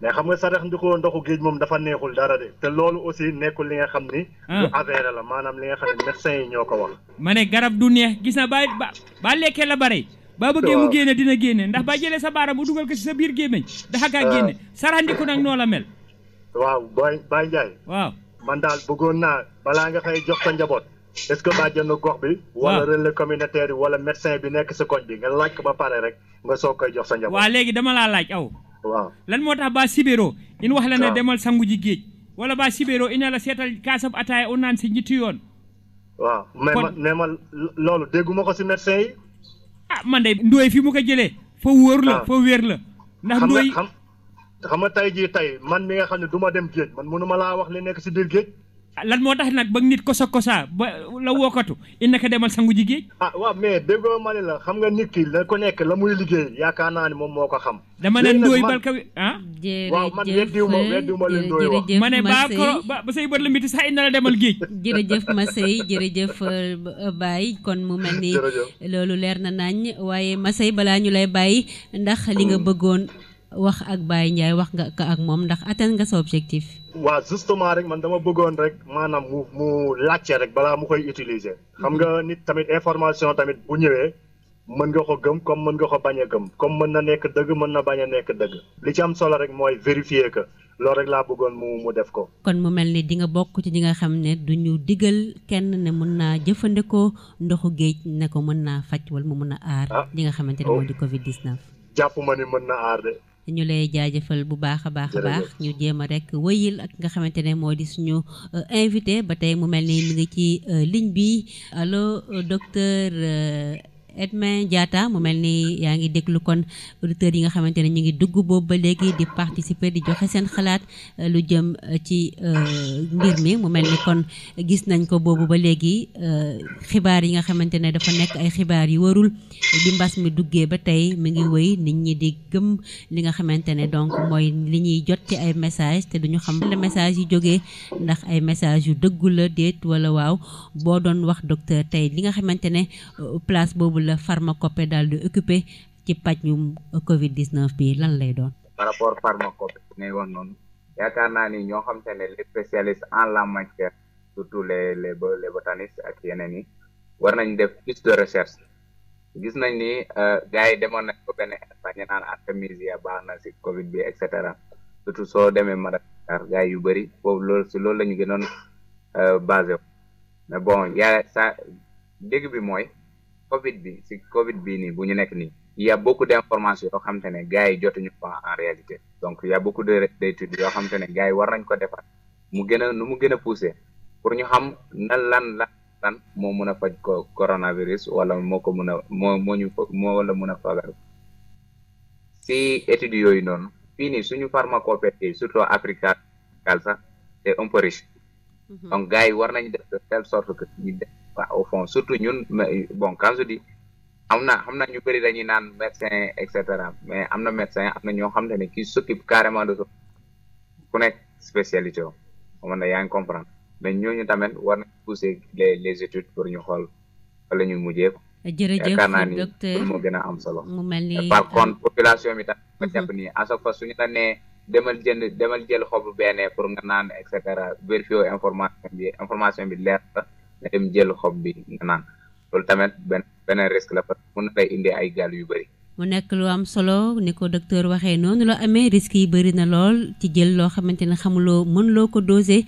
mais xam nga sarax ndikoo ndoxu géej moom dafa neexul dara de te loolu aussi nekkul li nga xam ni. lu ah. avéré la maanaam li nga xam ne médecin yi ñoo ko wax. ma ne garab du neex gis na ba ba lekkee la bare. ba bëggee mu génne dina génne ndax ba jële sa baaraam bu dugal ko ci sa biir gémmiñ daxa kaa génne sarax ndiku nag noo la mel. waaw Baye Baye Ndiaye. waaw man daal bëggoon naa balaa nga xëy jox sa njaboot. est-ce que bàjjenu gox bi. wala relais communautaire yi wala nekk sa koñ bi laaj ko ba pare rek nga soog koy jox sa njaboot. léegi dama laa laaj aw waaw lan moo tax baa sibéro in wax la ne demal sangu ji géej wala baa sibéro ina la seetal kaasab ataaya u naan si ñitti yoon waaw mais ma loolu dégguma ko si médecin yi ah man de ndooy fi mu ko jëlee foo wóor la ah. fa wér la ndax ndooy xam nga tay jii tey man mi nga xam ne du ma dem géej man mënu ma laa wax li nekk si biir géej lan moo tax nag ba nit koso kosa ba la wookatu il naka demal sangu ji géej ah waaw mais déggoo ma ne la xam nga nit ki la ko nekk la muy liggéey yaakaar naa ne moom moo ko xam dama ne ndóoy balka wi waaw man weddiwu ma ma la ndóoy wax ma ne baa koro ba say bët la miti sax na la demal géej jërëjëf Massey jërëjëf euh, Baye kon mu mel ni loolu leer na nañ waaye ma Massey balaa ñu lay bàyyi ndax li nga hmm. bëggoon wax ak Baye Ndiaye wax nga ak moom ndax atteindre nga sa objectif. waaw justement rek man dama bëggoon rek maanaam mu mu laajte rek balaa mu koy utiliser. xam nga mhm. nit tamit information tamit bu ñëwee mën nga ko gëm comme mën nga ko bañ a gëm comme mën na nekk dëgg mën na bañ a nekk dëgg li ci am solo rek mooy vérifier ko loolu rek laa bëggoon mu mu def ko. kon mu mel ni di nga bokk ci ñi nga xam ne du ñu digal kenn ne mën naa jëfandikoo ndoxu géej ne ko mën naa faj wala mu mën a aar. Ah. li nga xamante ne oh. moo di Covid 19. ma ni mën na aar ñu lay jaajëfal bu baax a baax a baax ñu jéem a rek wëyil ak nga xamante ne moo di suñu euh, invité ba tey mu mel ni mi ci euh, ligne bi allo euh, docteur Edmin Diatta mu mel ni yaa ngi déglu kon auditeurs yi nga xamante ne ñu ngi dugg boobu ba léegi di participer di joxe seen xalaat euh, lu jëm euh, ci euh, mbir mi mu mel ni kon gis nañ ko boobu ba léegi xibaar yi nga xamante ne dafa nekk ay xibaar yu warul di mbas mi duggee ba tey mi ngi wéy nit ñi di gëm li nga xamante ne donc mooy li ñuy jot ci ay message te du ñu xam la message yi jógee ndax ay message yu dëggu la déet wala waaw boo doon wax docteur tey li nga xamante ne place boobu la pharmacopée daal di occupé ci pàccum Covid 19 bi lan lay doon. par rapport pharmacopée ngay wax noonu yaakaar naa ni ñoo xam te ne les en la matière surtout le les les ak yeneen yi war nañ def plus de recherche gis nañ ni euh, gars yi demoon nañ ko benn Espagne naan artemisia baax na si Covid bi et cetera surtout soo demee Madagascar gars yu bëri foofu lool si loolu lañu ñu gënoon euh, basé mais bon yaa sa dégg bi mooy. Covid bi si Covid bii nii bu ñu nekk nii y' a beaucoup d' yoo xamante ne gars yi jotuñu ko en réalité donc y' a beaucoup de d'études yoo xamante ne gars yi war nañ ko defar mu gën a nu mu gën a poussé pour ñu xam na lan lan lan moo mën a faj ko coronavirus wala moo ko mën a moo moo ñu moo la mën a fagal si études yooyu noonu fii nii suñu pharmacopée surtout Afrique sax c'est un peu riche mm-hmm. donc gars yi war nañu def de telle sorte que ñu def waaw au fond surtout ñun bon quand je dis am na xam na ñu bëri dañuy naan médecin et cetera mais am na médecin am na ñoo xam ne qui s'occupe carrément de so ku nekk spécialité o xaman ne yaa ngi comprendre mais ñooñu tamit war nañ pousser les les études pour ñu xool fa la ñuy mujjee ko jërëjëf docteur moo gën a am solo mu mel ni par contre population bi tam nga jàpp mhm. nii à chaque fois suñu la nee demal jënd demal jël xobu benn pour nga naan et cetera vérifier information bi bi leer la nga dem jël xob bi nga naan loolu tamit benn beneen risque la parce que mën na lay indi ay gaal yu bëri mu nekk lu am solo ni ko docteur waxee noonu la amee risques yi bëri na lool ci jël loo xamante ne xamuloo mën loo ko dosé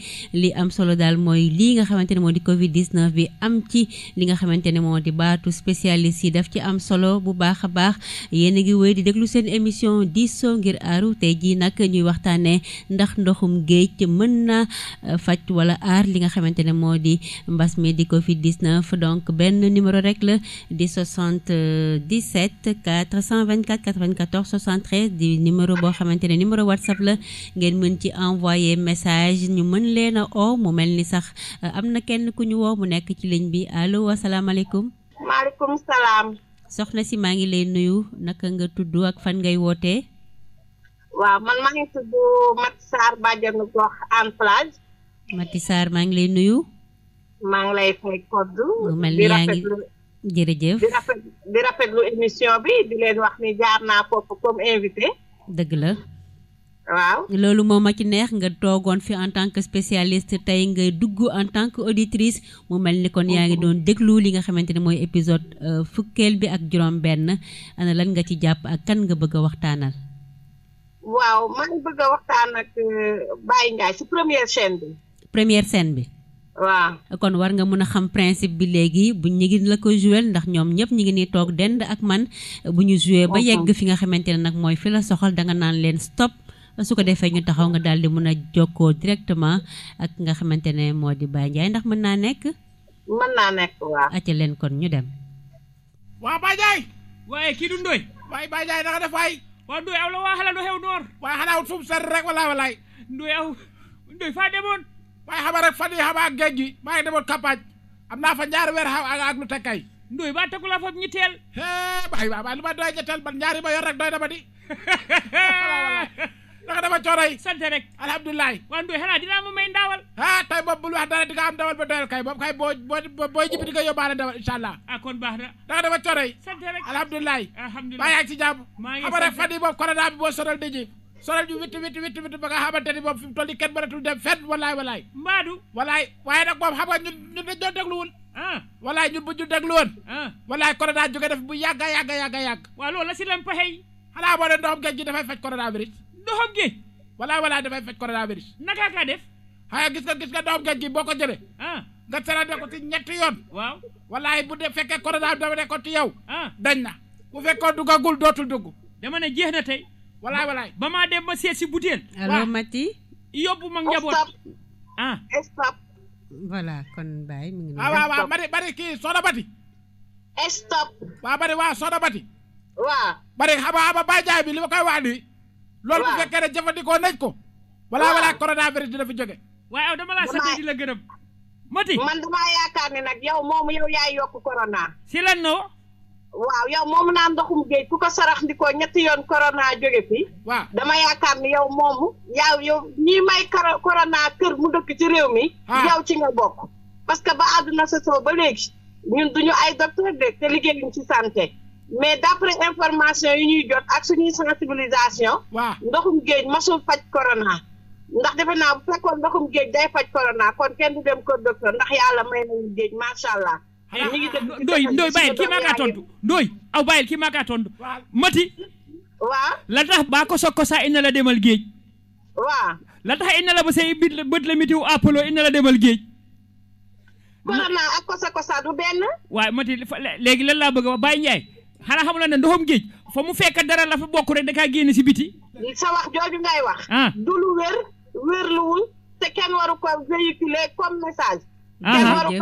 li am solo daal mooy lii nga xamante ne moo di Covid 19 bi am ci li nga xamante ne moo di baatu spécialiste yi daf ci am solo bu baax a baax yéen a ngi woy di déglu seen émission diisoo ngir aaru tey jii nag ñuy waxtaanee ndax ndoxum géej mën na euh, faj wala aar li nga xamante ne moo di mbas mi di Covid 19 donc benn numéro rek la di 77 4. 424 94 73 di numéro boo xamante ne numéro whatsapp la ngeen mën ci envoyé message ñu mën leen a mu mel ni sax euh, am na kenn ku ñu woo mu nekk ci ligne bi allo asalaamaaleykum. maaleykum salaam. soxna si maa ngi lay nuyu naka nga tudd ak fan ngay wootee. waaw man maa ngi tudd Mati Sarr bàjjenu gox en plage. Mati maa ngi lay nuyu. maa ngi lay fay koddu. mu mel ni yaa ngi jërëjëf di rafet di rafetlu émission bi di leen wax ni jaar naa foofu comme invité. dëgg la. waaw loolu moom ma ci neex nga toogoon fi en tant que spécialiste tey nga dugg en tant que auditrice mu mel ni kon yaa ngi mm-hmm. doon déglu li nga xamante ne mooy épisode euh, fukkeel bi ak juróom-benn ana lan nga ci jàpp ak kan nga bëgg a waxtaanal. waaw maa ngi waxtaan ak euh, Baye Ndiaye si première chaîne bi. première chaîne bi. waaw kon war nga mën a xam principe bi léegi bu ñu la ko joué ndax ñoom ñëpp ñu ngi nii toog dend ak man bu ñu joué ba yegg fi nga xamante ne nag mooy fi la soxal danga naan leen stop su ko defee ñu taxaw nga daal di mën a jokkoo directement ak nga xamante ne moo di Baye Ndiaye ndax mën naa nekk. mën naa nekk acca leen kon ñu dem. waa Baye Ndiaye. waaye kii du Ndoye. waaye Baye Ndiaye naka waa Ndoye aw la waa xelal lu xew noor. waaye xanaa wut fu mu rek walaay walaay. waaye xama rek fan yi xamaa géej gi maa ngi demoon campagne am naa fa ñaari weer xam ak lu tekkay ndoy ba tegu la foofu ñu teel waay waay lu ma doy ñetteel man ñaari ma yor rek doy na di naka dama coonoy sant rek alhamdulilah waa ndoy xanaa dinaa ma may ndaawal ah tey moom bul wax dara di nga am ndawal ba doyal kay moom kay booy jibi di nga yóbbaale ndawal incha ah, baax na naka dama coonoy sant rek alhamdulilah alhamdulilah maa yaa ngi si jàmm xama rek fan yi moom corona bi solal ñu witti witti witti witti ba nga xamante ni moom fi mu toll nii kenn mënatul dem fenn walaay walaay. mbaadu walaay waaye nag moom xam nga ñun ñun dañ doon dégluwul. ah walaay ñun bu ñu dégluwoon. ah walaay corona jóge def bu yàgg a yàgg a yàgg a yàgg. waaw loolu la si leen pexe yi. xanaa boo doon ndoxam géej gi dafay faj coronavirus. ndoxam géej. walaay walaay dafay faj coronavirus. naka ka def. xaya gis nga gis nga ndoxam géej gi boo ko jëlee. ah nga serante ko ci ñetti yoon. waaw walaay bu dee fekkee corona dafa nekkoon ci yow. ah dañ na bu fekkoon duggagul dootul dugg. dama ne jeex na tey walaay walaay ba maa dem ba seet si butéel. allo ma njaboot ah. stop. voilà kon Baye bari bari kii Soda Bati. stop. bari waaw Soda Bati. bari xaba xaba ba jaay bi li ma loolu bu fekkee ne jëfandikoo nañ ko. walaay walaay coronavirus dina fi jóge. waaye dama laa sant di la gërëm. Mati man damaa yaakaar ne nag yow moomu yow yaay yokk corona. si lan noo. waaw yow moomu naan ndoxum géej ku ko sarax ndikoo ñetti yoon corona jóge fi. waaw dama yaakaar ni yow moomu. yaa yow ñii may corona kër mu dëkk ci réew mi. Ah. yow ci nga bokk. parce que ba àdduna sa soo ba léegi ñun ñu ay docteur de te liggéeyuñ ci santé mais d'après information yi ñuy jot ak suñuy sensibilisation. waaw ndoxum géej masul faj corona. ndax defe naa bu fekkoon ndoxum géej day faj corona kon kenn du dem kër docteur ndax yàlla may nañu géej macha allah. Eh, ndooy ndooy bàyyil kii maa kaa tontu ndooy aw bàyyil kii maa kaa tontu mati waaw la tax baa ko sog ko saa ina la demal géej waaw la tax ina la ba say bit bët la mitiw apollo ina la demal géej corona ak kosa kosa du benn waaye mati léegi lan bëgg a wax Baye Ndiaye xanaa xamul ndoxum géej fa mu fekk dara la fa bokk rek da génn si biti sa wax jooju ngay wax ah. du lu wér wérluwul te kenn waru ko véhiculer comme message kenn waru yi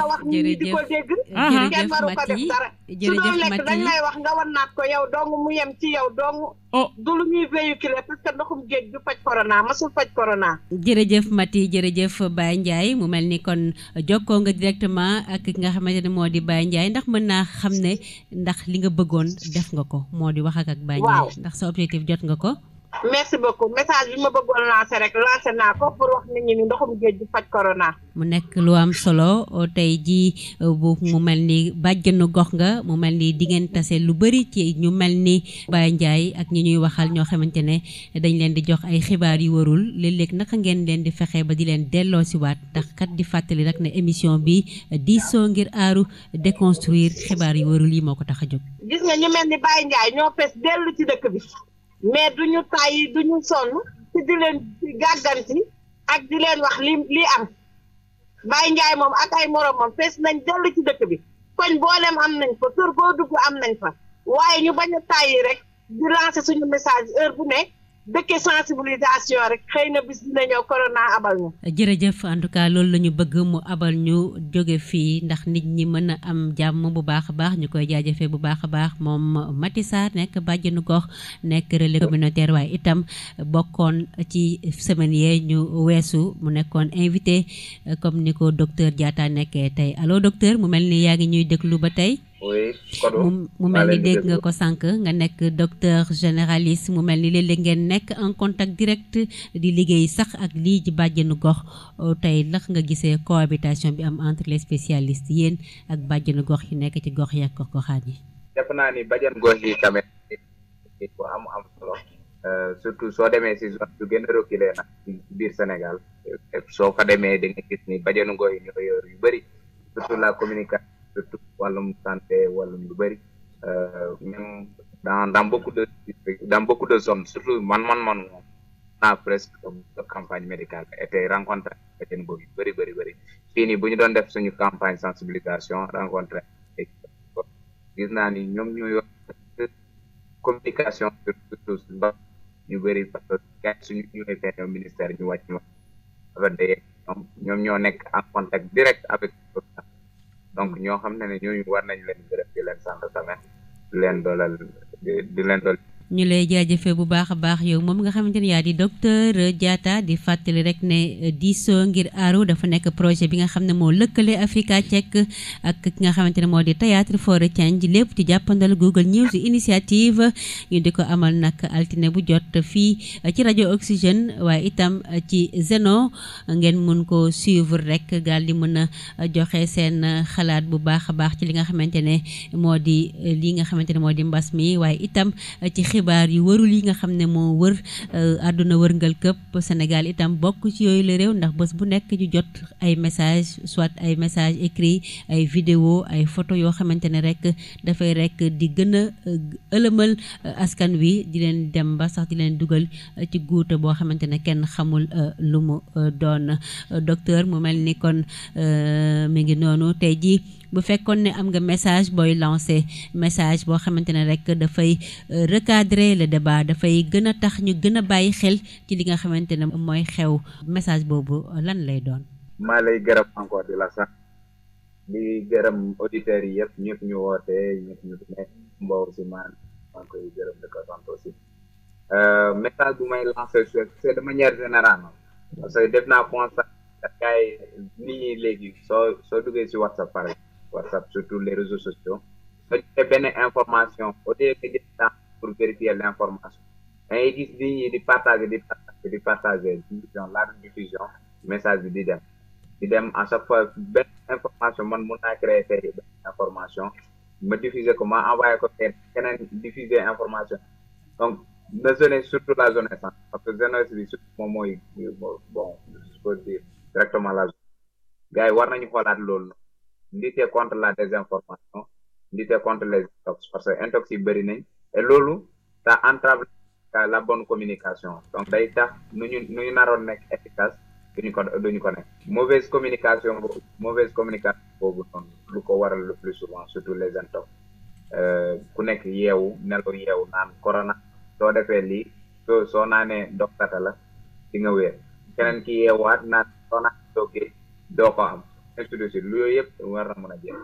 wax lay wax nga wan ko yow dong mu ci yow dong oh. du lu ñuy jërëjëf Maty jërëjëf Baye Ndiaye mu mel ni kon jokkoo nga directement ak ki nga xamante ne moo di Baye njaay ndax mën naa xam ne ndax li nga bëggoon def nga ko moo di wax ak ak Baye ndax sa objectif jot nga ko merci beaucoup message bi ma bëggoon lancer rek lancer naa ko pour wax ni ndoxum géej gi faj corona. mu nekk lu am solo tey jii euh, bu mu mel ni bàjjenu gox nga mu mel ni di ngeen tase lu bëri ci ñu mel ni Baye Ndiaye ak ñi ñuy waxal ñoo xamante ne dañ leen di jox ay xibaar yu warul léeg-léeg a ngeen leen di fexe ba di leen delloo si waat ndax kat di fàttali rek ne émission bi diisoo ngir aaru déconstruire xibaar yu warul yi moo ko tax a jóg. gis nga mais du ñu tàyyi du ñu sonn ci di leen gàgganti ak di leen wax li lii am Baye Ndiaye moom ak ay moromam fees nañ dellu ci dëkk bi koñ boolem am nañ fa kër boo dugg am nañ fa waaye ñu bañ a yi rek di lancer suñu message heure bu ne dëkkee sensibilisation rek xëy na bis dina ñëw corona abal ñu. jërëjëf en tout cas loolu la ñu bëgg mu abal ñu jóge fii ndax nit ñi mën a am jàmm bu baax a baax ñu koy jaajëfee bu baax a baax moom Maty Sarr nekk bàjjenu gox nekk relais communautaire waaye itam bokkoon ci semaine yee ñu weesu mu nekkoon invité comme ni ko docteur Diatta nekkee tey allo docteur mu mel ni yaa ngi ñuy déglu ba tey. oui Kodo mu mel ni dégg nga ko sànq nga nekk docteur généraliste mu mel ni leen léeg ngeen nekk en contact direct di liggéey sax ak lii ci bàjjenu gox oh, tey ndax nga gisee cohabitation bi am entre les spécialistes yéen ak bàjjenu gox yi nekk ci gox yi ko gox goxaan yi. def naa ni euh, surtout soo demee si zone yu gën a nag biir Sénégal soo fa demee da nga gis ni bajenu gox yi ñoo yor yu bëri surtout la communication surtout wàllum santé wàllum lu bëri euh, même dans dans beaucoup de dans beaucoup de zones man man man moom naa presque campagne médicale et tey rencontré seen bëri bëri bëri fii nii bu ñu doon def suñu campagne sensibilisation rencontré gis naa ni ñoom ñoo yor communication surtout ba ñu bëri parce que gars suñu ñëwee fee ministère ñu wàcc ma ñoom ñoo nekk en contact direct avec donc ñoo xam ne ne ñooñu war nañ leen gërëm di leen sant tamit di leen doolal di leen dool ñu lay jaajëfee bu baax a baax yow moom nga xamante ne yaa di docteur jaata di fàttali rek ne diisoo ngir aaru dafa nekk projet bi nga xam ne moo lëkkale Africa Check ak ki nga xamante ne moo di Théâtre for Change lépp ci jàppandal Google News initiative ñu di ko amal nag altine bu jot fii ci rajo Oxygène waaye itam ci Zeno ngeen mun ko suivre rek daal di mën a joxe seen xalaat bu baax a baax ci li nga xamante ne moo di li nga xamante ne moo di mbas mi waaye itam ci xibaar yu warul yi nga xam ne moo wër euh, àdduna wërngal këpp Sénégal itam bokk ci yooyu la réew ndax bés bu nekk ñu jot ay message soit ay message écrit ay vidéo ay photo yoo xamante ne rek dafay rek di gën a euh, ëlëmal euh, askan wi di leen dem ba sax di leen dugal ci guuto boo xamante ne kenn xamul lu mu doon docteur mu mel ni kon mi ngi noonu tey ji bu fekkoon ne am nga message booy lancé message boo xamante ne rek dafay euh, recadrer le débat dafay gën a tax ñu gën a bàyyi xel ci li nga xamante ne mooy xew message boobu lan lay doon. maa lay gërëm encore di la sax di gërëm auditeurs yi yëpp ñëpp ñu woote ñëpp ñu nekk mbow si maa euh, message bu may lancé c'est de manière générale parce que def naa constat gars yi nit ñi léegi soo soo duggee si WhatsApp par WhatsApp surtout les réseaux sociaux soo jëlee benn information au lieu nga jël temps pour vérifier l' information dangay gis nit ñi di partager di partager di partager diffusion large diffusion message bi di dem di dem à chaque fois benn information man mun naa créer tey ma diffuser ko ma envoyé ko keneen diffuser information donc na zone surtout la zone sans parce que jeunesse bi surtout moom mooy bon je peux directement la zone gars yi war nañu xoolaat lutter contre la désinformation lutter contre les intox parce que intox yi bëri nañ et loolu ça entrave la bonne communication donc day tax nu ñu nu ñu naroon nekk efficace duñu ko duñu mauvaise communication boobu mauvaise communication lu ko waral le plus souvent surtout les intox euh, ku nekk yeewu nelaw yeewu naan corona soo defee lii soo soo naanee dox la di nga wéer keneen ki yeewaat naan soo naanee doggee doo ko am expliqué si loolu yëpp war na mën a jeex.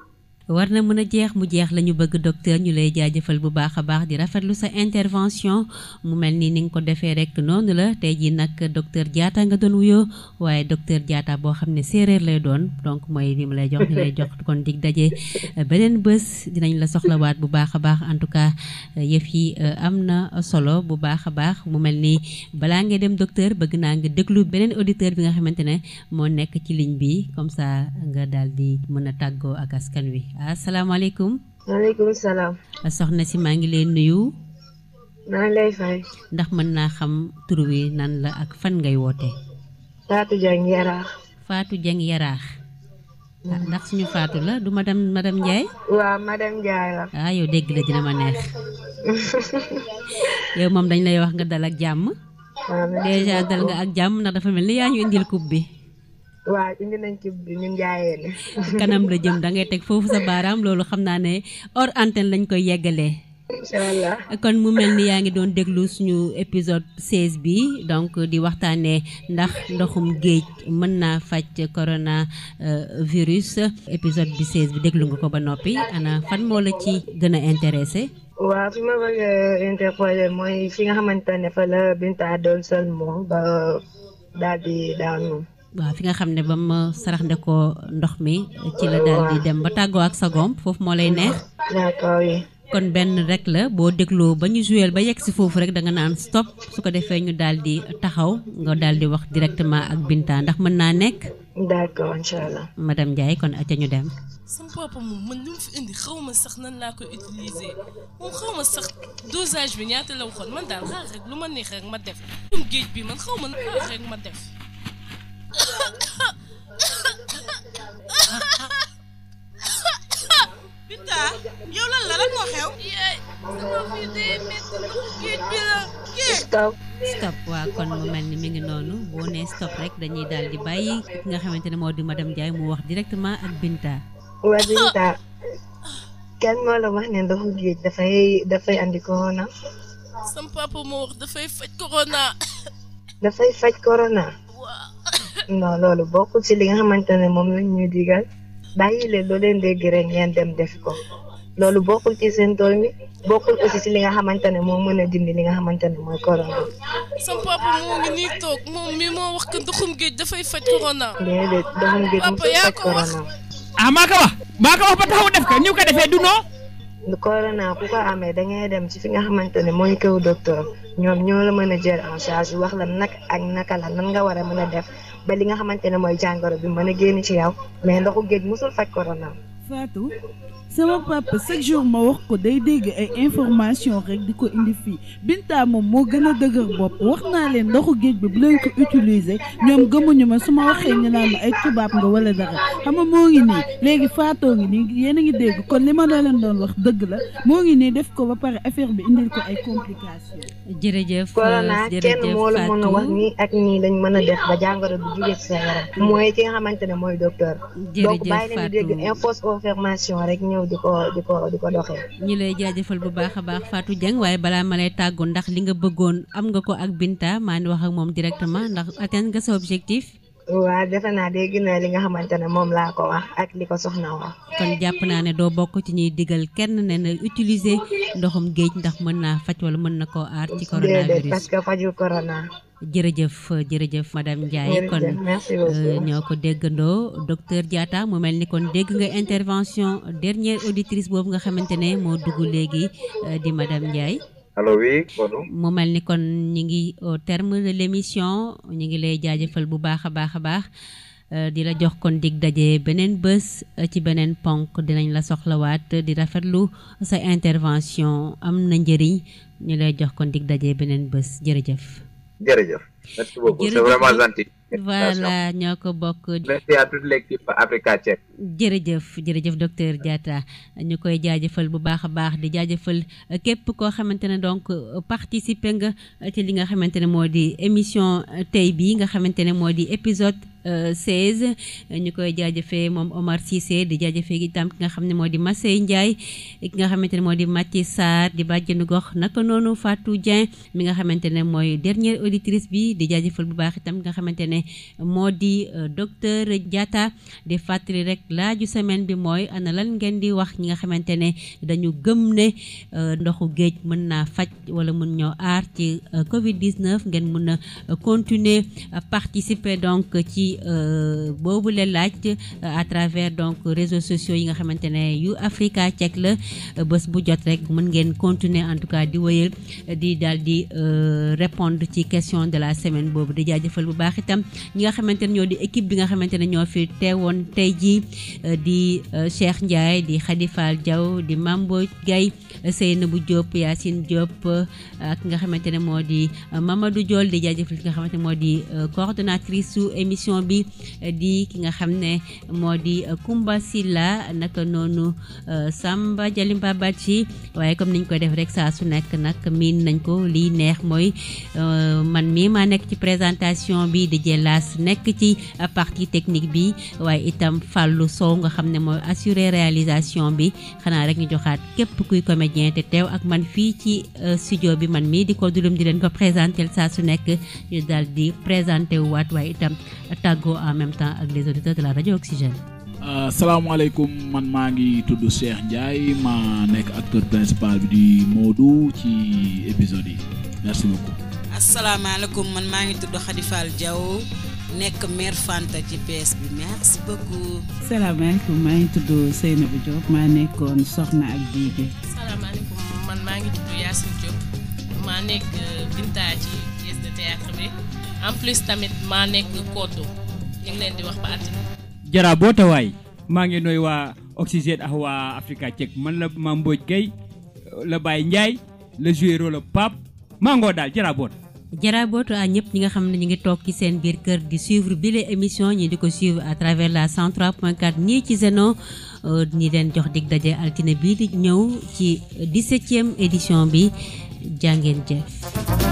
war na mën a jeex mu jeex la ñu bëgg docteur ñu lay jaajëfal bu baax a baax di rafetlu sa intervention mu mel ni ni nga ko defee rek noonu la tey jii nag docteur jaata nga doon wuyoo waaye docteur jaata boo xam ne séeréer lay doon donc mooy li mu lay jox ñu lay jox kon dig daje euh, beneen bés dinañ la soxlawaat bu baax a baax en tout cas euh, yëf yi euh, am na solo bu baax a baax mu mel ni balaa ngay dem docteur bëgg naa ngi déglu beneen auditeur bi nga xamante ne moo nekk ci ligne bi comme ça nga daal di mën a tàggoo ak askan wi. asalaamaaleykum. maaleykum salaam. Ah, soxna si maa ngi leen nuyu. maa lay fay. ndax mën naa xam tur wi nan la ak fan ngay woote. Fatou Dieng Yaraax. Fatou Dieng Yaraax. Ah, ndax suñu faatu la du madame madame Ndiaye. waaw madame Ndiaye la. ah yow dégg la dina ma neex. yow moom dañ lay wax nga dal ak jàmm. déjà dal nga ak jàmm ndax dafa mel ni yaa ñu indil coupe bi. waaw indi nañ ci ñun njaayee ne kanam la jëm da ngay teg foofu sa baaraam loolu xam naa ne hors antenne lañu koy yeggalee. incha allah kon mu mel ni yaa ngi doon déglu suñu épisode 16 bi donc di waxtaanee ndax ndoxum géej mën naa faj corona virus épisode bi 16 bi déglu nga ko ba noppi ana fan moo la ci gën a intéressé. waaw fi ma bëgg a mooy fi nga xamante ne fa la Binta doon sol ba daal di waaw fi nga xam ne ba ma sarax nde ko ndox mi ci la daal di dem ba tàggoo ak sagoom foofu moo lay neex kon benn rek la boo dégloo ba ñu jouer ba yegg si foofu rek danga nga naan stop su ko defee ñu dal di taxaw nga dal di wax directement ak Binta ndax mën naa nekk d'accord inchallah madame Ndiaye kon acca ñu dem sama papa moom man li mu fi indi xaw ma sax nan laa ko utiliser moom xaw ma sax dosage bi ñaata la waxoon man daal xaar rek lu ma neex rek ma def um géej bi Binta yow lan la lan bi stop waa kon mu mel ni mi ngi noonu boo nee stop rek dañuy daldi di bàyyi nga xamante ne moo di dem Ndiaye mu wax directement ak Binta. waa Binta kenn moo la wax ne ndoxu géej dafay dafay andi corona. sam moo wax dafay faj corona. dafay faj corona. non loolu bokkul ci li nga xamante ne moom lañ ñuy digal bàyyi leen loo leen dégg rek ngeen dem def ko loolu bokkul ci seen tool mi bokkul aussi ci li nga xamante ne moo mën a dindi li nga xamante ne mooy corona. sa papa moo ngi nii toog moom mi moo wax que ndoxum géej dafay faj corona. déedéet ndoxum géej ah, mu ko wax maa ko wax ba taxaw def ko ñu ko defee du noo corona ku ko amee da ngay dem ci fi nga xamante ne mooy këw docteur ñoom ñoo la mën a jël en charge wax la nag ak naka la nan nga war a mën a def ba li nga xamante ne mooy jàngoro bi mën a génn ci yow mais ndoxu géej musul faj corona. Fatou sama papa chaque jour ma wax ko day dégg ay information rek di ko indi fii Binta moom moo gën a dëgër bopp wax naa leen ndoxu géej bi bu leen ko utiliser ñoom gëmuñu ma su ma waxee ñu naan ma ay tubaab nga wala dara xam nga moo ngi nii léegi faatoo ngi nii yéen a ngi dégg kon li ma la leen doon wax dëgg la moo ngi nii def ko ba pare affaire bi indi ko ay complications. jërëjëf jërëjëf kenn moo la mën a wax nii ak nii dañ mën a def ba jàngoro bi jógee mm. mooy ki confirmation rek ñëw di ko di ko lay jaajafal bu baax a baax Fatou Dieng waaye balaa ma lay tàggu ndax li nga bëggoon am nga ko ak Binta maa ni wax ak moom directement ndax atteindre nga sa objectif. waaw defe naa dégg na li nga xamante ne moom laa ko wax ak li ko soxna wax. kon jàpp naa ne doo bokk ci ñuy digal kenn ne na utiliser ndoxum géej ndax mën naa faj wala mën na ko aar. ci coronavirus déedéet parce corona. jërëjëf jërëjëf madame Ndiaye kon euh, ñoo ko déggandoo docteur Diatta mu mel ni kon dégg nga intervention dernière auditrice boobu nga xamante ne moo dugg léegi euh, di madame Ndiaye mu mel ni kon ñu ngi au terme de l'émission ñu ngi lay jaajëfal bu baax a baax a baax euh, di la jox kon dig daje beneen bës ci beneen ponk dinañ la soxlawaat di rafetlu sa intervention am na njëriñ ñu lay jox kon dig daje beneen bés jërëjëf jërëjëf. merci ko bokk. merci à jërëjëf jërëjëf docteur Diatta ñu koy jaajëfal bu baax a baax di jaajëfal képp koo xamante ne donc euh, participer nga ci li nga xamante ne moo di émission euh, tey bii nga xamante ne moo di épisode. 16 ñu koy jaajëfee moom Omar Cissé di jaajëfee itam ki nga xam ne moo di Massey Ndiaye ki nga xamante ne moo di Mathi saar di bàjjenu gox naka noonu Fatou Dieng mi nga xamante ne mooy dernière auditrice bi di jaajëfal bu baax itam nga xamante ne moo di euh, docteur Diatta di fàttali rek laaju semaine bi mooy ana lan ngeen di wax ñi nga xamante ne dañu gëm ne euh, ndoxu géej mën naa faj wala mën ñoo aar ci euh, Covid 19 ngeen mën a continuer participer donc ci. ci euh, boobu la laaj euh, à travers donc réseaux sociaux yi nga xamante ne yu Africa Check la euh, bés bu jot rek mën ngeen continuer en tout cas di wëyal di daal di répondre ci question de la semaine boobu di jaajëfal bu baax itam ñi nga xamante ne ñoo di équipe bi nga xamante ne ñoo fi teewoon tey jii di Cheikh Ndiaye di Khady Fall di di Mambo Gaye Seynabou Diop Yacine Diop ak nga xamante ne moo di Mamadou Diol di jaajëfal ki nga xamante moo di coordonnatrice su émission émission bi eh, di ki nga xam ne moo di eh, Kumba Silla naka noonu eh, Samba Jalimba Bacci waaye comme niñ ko def rek saa su nekk nag miin nañ ko liy neex mooy man mii maa nekk ci présentation bi di jëlaas nekk ci partie technique bi waaye itam Fallou Sow nga xam ne mooy assurer réalisation bi xanaa rek ñu joxaat képp kuy comédien te teew ak man fii ci studio bi man mii di ko dulum di leen ko présenté saa su nekk ñu daal di présenté waat waaye itam tàggoo en même temps ak les auditeurs de euh, salaamaaleykum man maa ngi tudd Cheikh Ndiaye ma nekk acteur principal bi di Modou ci épisode yi merci beaucoup. asalaamaaleykum man maa ngi tudd Khady Fall Diaw nekk mère ci PS bi merci maa ngi tudd Seynabou Diop maa nekkoon Soxna ak Diige. salaamaaleykum man maa ngi nekk euh, Binta tamit maa nekk ñu waay maa ngi nooy waa Oxygène ak waa Africa Check man la ma Mbodj Gueye la Baye Ndiaye la joué rôle Pape maa ngoo daal jara boot jarabootu à ñëpp ñi nga xam ne ñu ngi toog ci seen biir kër di suivre bile émission ñi di ko suivre à travers la 103.4 ñii ci Zeno euh, ñi leen jox dig daje altine bii di ñëw ci 17e édition bi jàngeen jëf